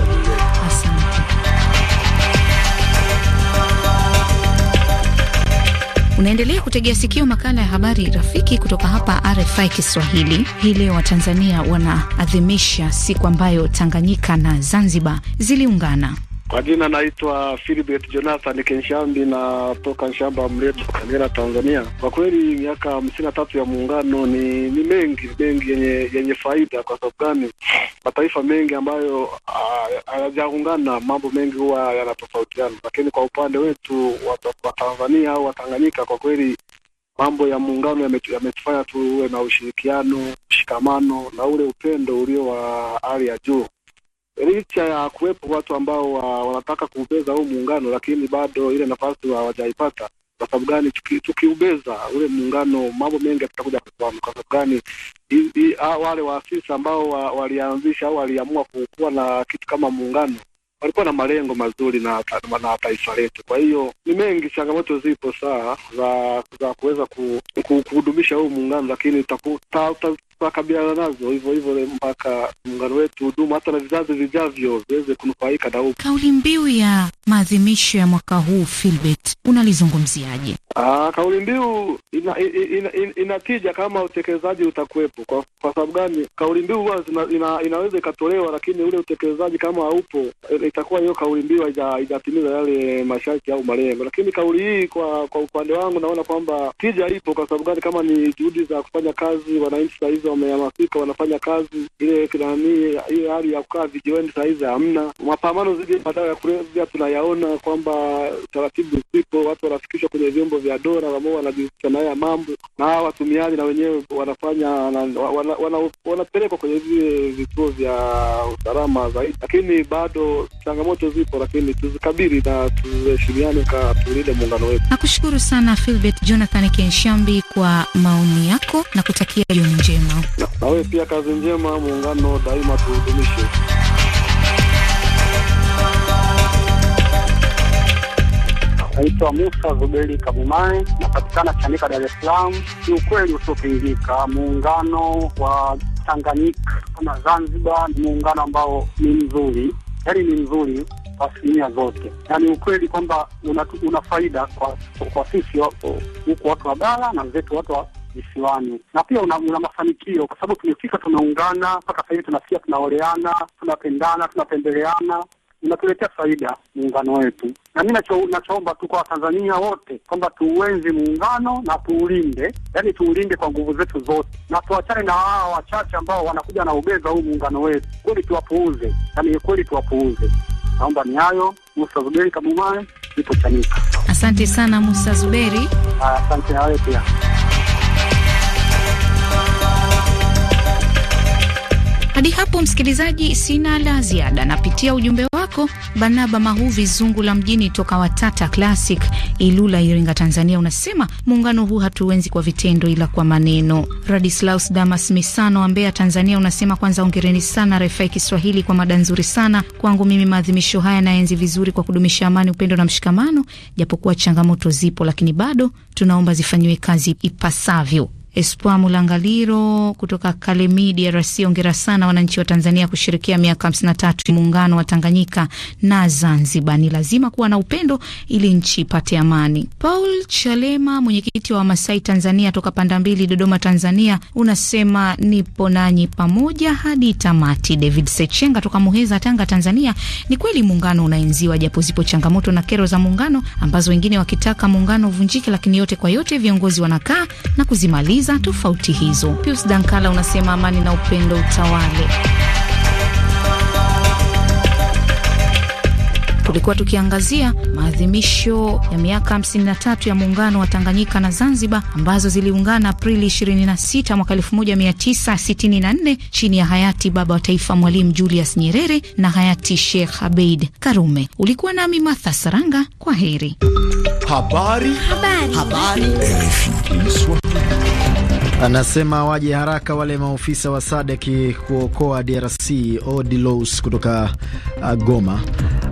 Asante. Unaendelea kutegea sikio makala ya habari rafiki kutoka hapa RFI Kiswahili. Hii leo Watanzania wanaadhimisha siku ambayo Tanganyika na Zanzibar ziliungana. Kwa jina naitwa Philibert Jonathan Kenshambi, natoka Nshamba Mleto, Kagera, Tanzania. Kwa kweli miaka hamsini na tatu ya muungano ni, ni mengi mengi yenye, yenye faida. Kwa sababu gani? Mataifa mengi ambayo ah, hayajaungana mambo mengi huwa yanatofautiana, lakini kwa upande wetu wa Tanzania au Watanganyika, kwa kweli mambo ya muungano yametufanya tuwe na ushirikiano, mshikamano na ule upendo ulio wa hali ya juu licha ya kuwepo watu ambao wa, wanataka kuubeza huu muungano, lakini bado ile nafasi hawajaipata. Kwa sababu gani? Tukiubeza ule muungano, mambo mengi yatakuja kukwama. Kwa sababu gani? Wale waasisi ambao walianzisha au waliamua kuwa na kitu kama muungano walikuwa na malengo mazuri na, na, na taifa letu. Kwa hiyo ni mengi, changamoto zipo saa za za kuweza kuhudumisha huu muungano, lakini tunakabiliana nazo hivyo hivyo mpaka muungano wetu hudumu hata na vizazi vijavyo viweze kunufaika na huu. Kauli mbiu ya maadhimisho ya mwaka huu Filbert, unalizungumziaje? Ah, kauli mbiu ina, ina, ina, kama utekelezaji utakuwepo. Kwa, kwa sababu gani? Kauli mbiu huwa ina, inaweza ikatolewa, lakini ule utekelezaji kama haupo, eh, itakuwa hiyo kauli mbiu haijatimiza yale masharti au malengo. Lakini kauli hii kwa kwa upande wangu naona kwamba tija ipo. Kwa sababu gani? Kama ni juhudi za kufanya kazi wananchi saa hizo ya wanafanya kazi ile kinanii, ile hali ya kukaa vijiweni sahizi hamna. Mapambano dhidi ya madawa ya kulevya tunayaona kwamba taratibu zipo, watu wanafikishwa kwenye vyombo vya dola, ambao wanajihusisha na haya mambo, na hawa watumiaji na wenyewe wanafanya wanapelekwa kwenye vile vituo vya usalama zaidi, lakini bado changamoto zipo, lakini tuzikabili na tuheshimiane ka tulinde muungano wetu. Nakushukuru sana Philbert Jonathan Kenshambi kwa maoni yako na kutakia jioni njema. Nawe pia kazi njema, muungano daima tuhudumishe. Naitwa Musa Zuberi Kabumae, napatikana Chanika, Dar es Salaam. Ni ukweli usiopingika, muungano wa Tanganyika na Zanzibar ni muungano ambao ni mzuri, yaani ni mzuri kwa asilimia zote, na ni ukweli kwamba una, una faida kwa, kwa sisi huku watu wa bara na wenzetu watu wa visiwani, na pia una, una mafanikio kwa sababu tumefika, tumeungana mpaka sasa hivi, tunafikia, tunaoleana, tunapendana, tunapendeleana inatuletea faida muungano wetu, na mi nachoomba tu kwa Watanzania wote kwamba tuuenzi muungano na tuulinde, yani tuulinde kwa nguvu zetu zote, na tuachane na hawa wachache ambao wanakuja na ubeza huu muungano wetu. Kweli tuwapuuze, yani kweli tuwapuuze. Naomba ni hayo. Musa Zuberi Kabumae, nipo Chanika. Asante sana Musa Zuberi. Asante nawe pia. Hadi hapo msikilizaji, sina la ziada. Napitia ujumbe wako banaba Mahuvi Zungu la mjini toka Watata Classic Ilula, Iringa, Tanzania. Unasema muungano huu hatuwenzi kwa vitendo, ila kwa maneno. Radislaus Damas Misano Ambea, Tanzania, unasema kwanza ongereni sana RFI Kiswahili kwa mada nzuri sana. Kwangu mimi maadhimisho haya naenzi vizuri kwa kudumisha amani, upendo na mshikamano, japokuwa changamoto zipo, lakini bado tunaomba zifanyiwe kazi ipasavyo. Espoir Mulangaliro kutoka Kalemi, DRC. Ongera sana wananchi wa Tanzania kushirikia miaka 53 muungano wa Tanganyika na Zanzibar. Ni lazima kuwa na upendo ili nchi ipate amani. Paul Chalema, mwenyekiti wa Wamasai Tanzania toka Panda Mbili, Dodoma, Tanzania, unasema nipo nanyi pamoja hadi tamati. David Sechenga toka Muheza, Tanga, Tanzania, ni kweli muungano unaenziwa, japo zipo changamoto na kero za muungano ambazo wengine wakitaka muungano uvunjike, lakini yote kwa yote viongozi wanakaa na kuzimaliza kusikiliza tofauti hizo. Pius Dankala unasema amani na upendo utawale. Tulikuwa tukiangazia maadhimisho ya miaka 53 ya muungano wa Tanganyika na Zanzibar ambazo ziliungana Aprili 26 mwaka 1964 chini ya hayati baba wa taifa Mwalimu Julius Nyerere na hayati Sheikh Abeid Karume. Ulikuwa nami Martha Saranga, kwa heri. Habari. Habari. Habari. Habari. Anasema waje haraka wale maofisa wa SADC kuokoa DRC. odilos kutoka uh, Goma.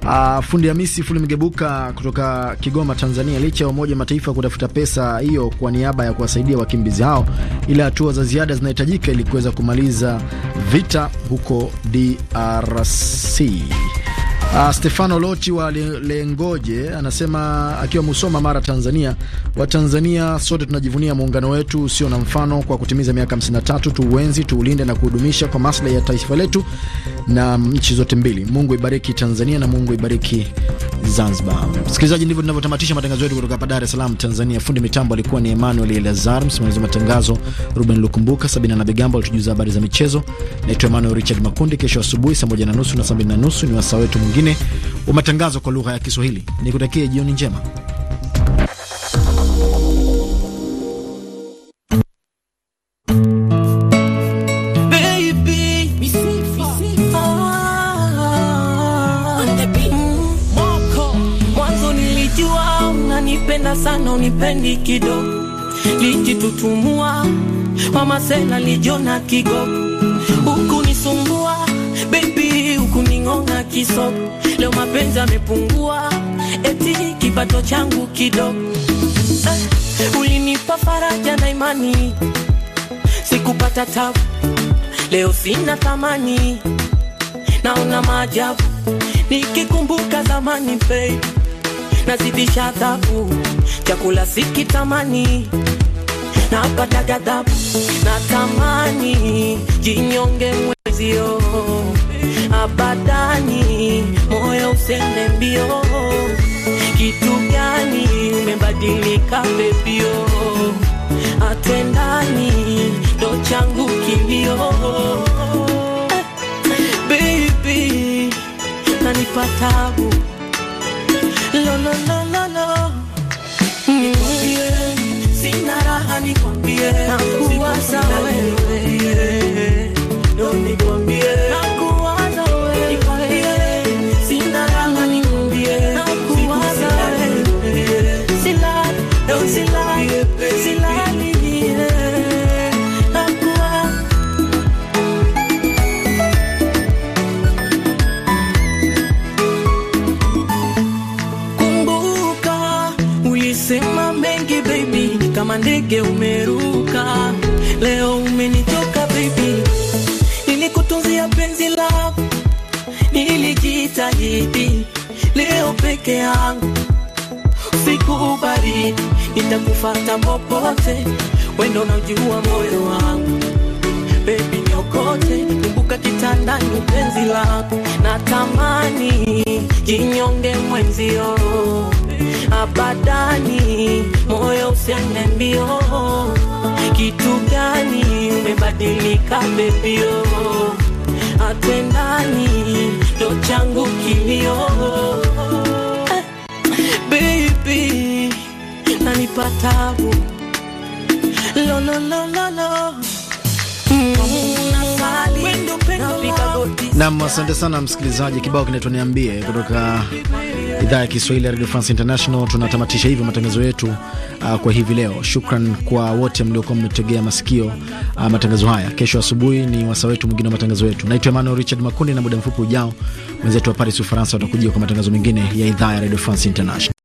Uh, fundi Hamisi Fulimgebuka kutoka Kigoma, Tanzania. Licha ya Umoja Mataifa kutafuta pesa hiyo kwa niaba ya kuwasaidia wakimbizi hao, ila hatua za ziada zinahitajika ili kuweza kumaliza vita huko DRC. Uh, Stefano Lochi wa Lengoje anasema akiwa Musoma, Mara, Tanzania, Watanzania sote tunajivunia muungano wetu usio na mfano kwa kutimiza miaka 53. Tuuenzi, tuulinde na kuhudumisha kwa maslahi ya taifa letu na nchi zote mbili. Mungu ibariki Tanzania na Mungu ibariki Zanzibar. Msikilizaji, ndivyo tunavyotamatisha matangazo yetu kutoka hapa Dar es Salaam, Tanzania. Fundi mitambo alikuwa ni Emmanuel Elazar, msimamizi wa matangazo Ruben Lukumbuka, Sabina na Bigambo alitujuza habari za michezo. Naitwa Emmanuel Richard Makundi. Kesho asubuhi saa moja na nusu na saa mbili na nusu ni wasaa wetu mwingine mwingine wa matangazo kwa lugha ya Kiswahili. Nikutakie jioni njema. sana unipendi kidogo, lijitutumua mama sena lijona kigogo naona kiso leo, mapenzi amepungua, eti kipato changu kidogo. Eh, ulinipa faraja na imani, sikupata tabu, leo sina thamani, naona maajabu nikikumbuka zamani babe, nazidisha adhabu, chakula sikitamani napata ghadhabu, natamani jinyonge mwezio badani, moyo usende mbio, kitu gani umebadilika bebio, atwendani ndo changu kilio eh, baby nanipatabu kunifuata popote, wendo najua moyo wangu bebi, niokote, kumbuka kitandani penzi lako na tamani mwenzi mwenzio abadani, moyo usiende mbio. Kitu gani umebadilika bebio, atwendani ndo changu kilio eh, baby kutupa tabu lo lo lo lo lo Nam, asante sana msikilizaji. Kibao kinaitwa niambie kutoka idhaa ya Kiswahili ya Radio France International. Tunatamatisha hivyo matangazo yetu uh, kwa hivi leo. Shukran kwa wote mliokuwa mmetegea masikio uh, matangazo haya. Kesho asubuhi ni wasa wetu mwingine wa matangazo yetu. Naitwa Emmanuel Richard Makundi, na muda mfupi ujao mwenzetu wa Paris, Ufaransa watakujia kwa matangazo mengine ya idhaa ya Radio France International.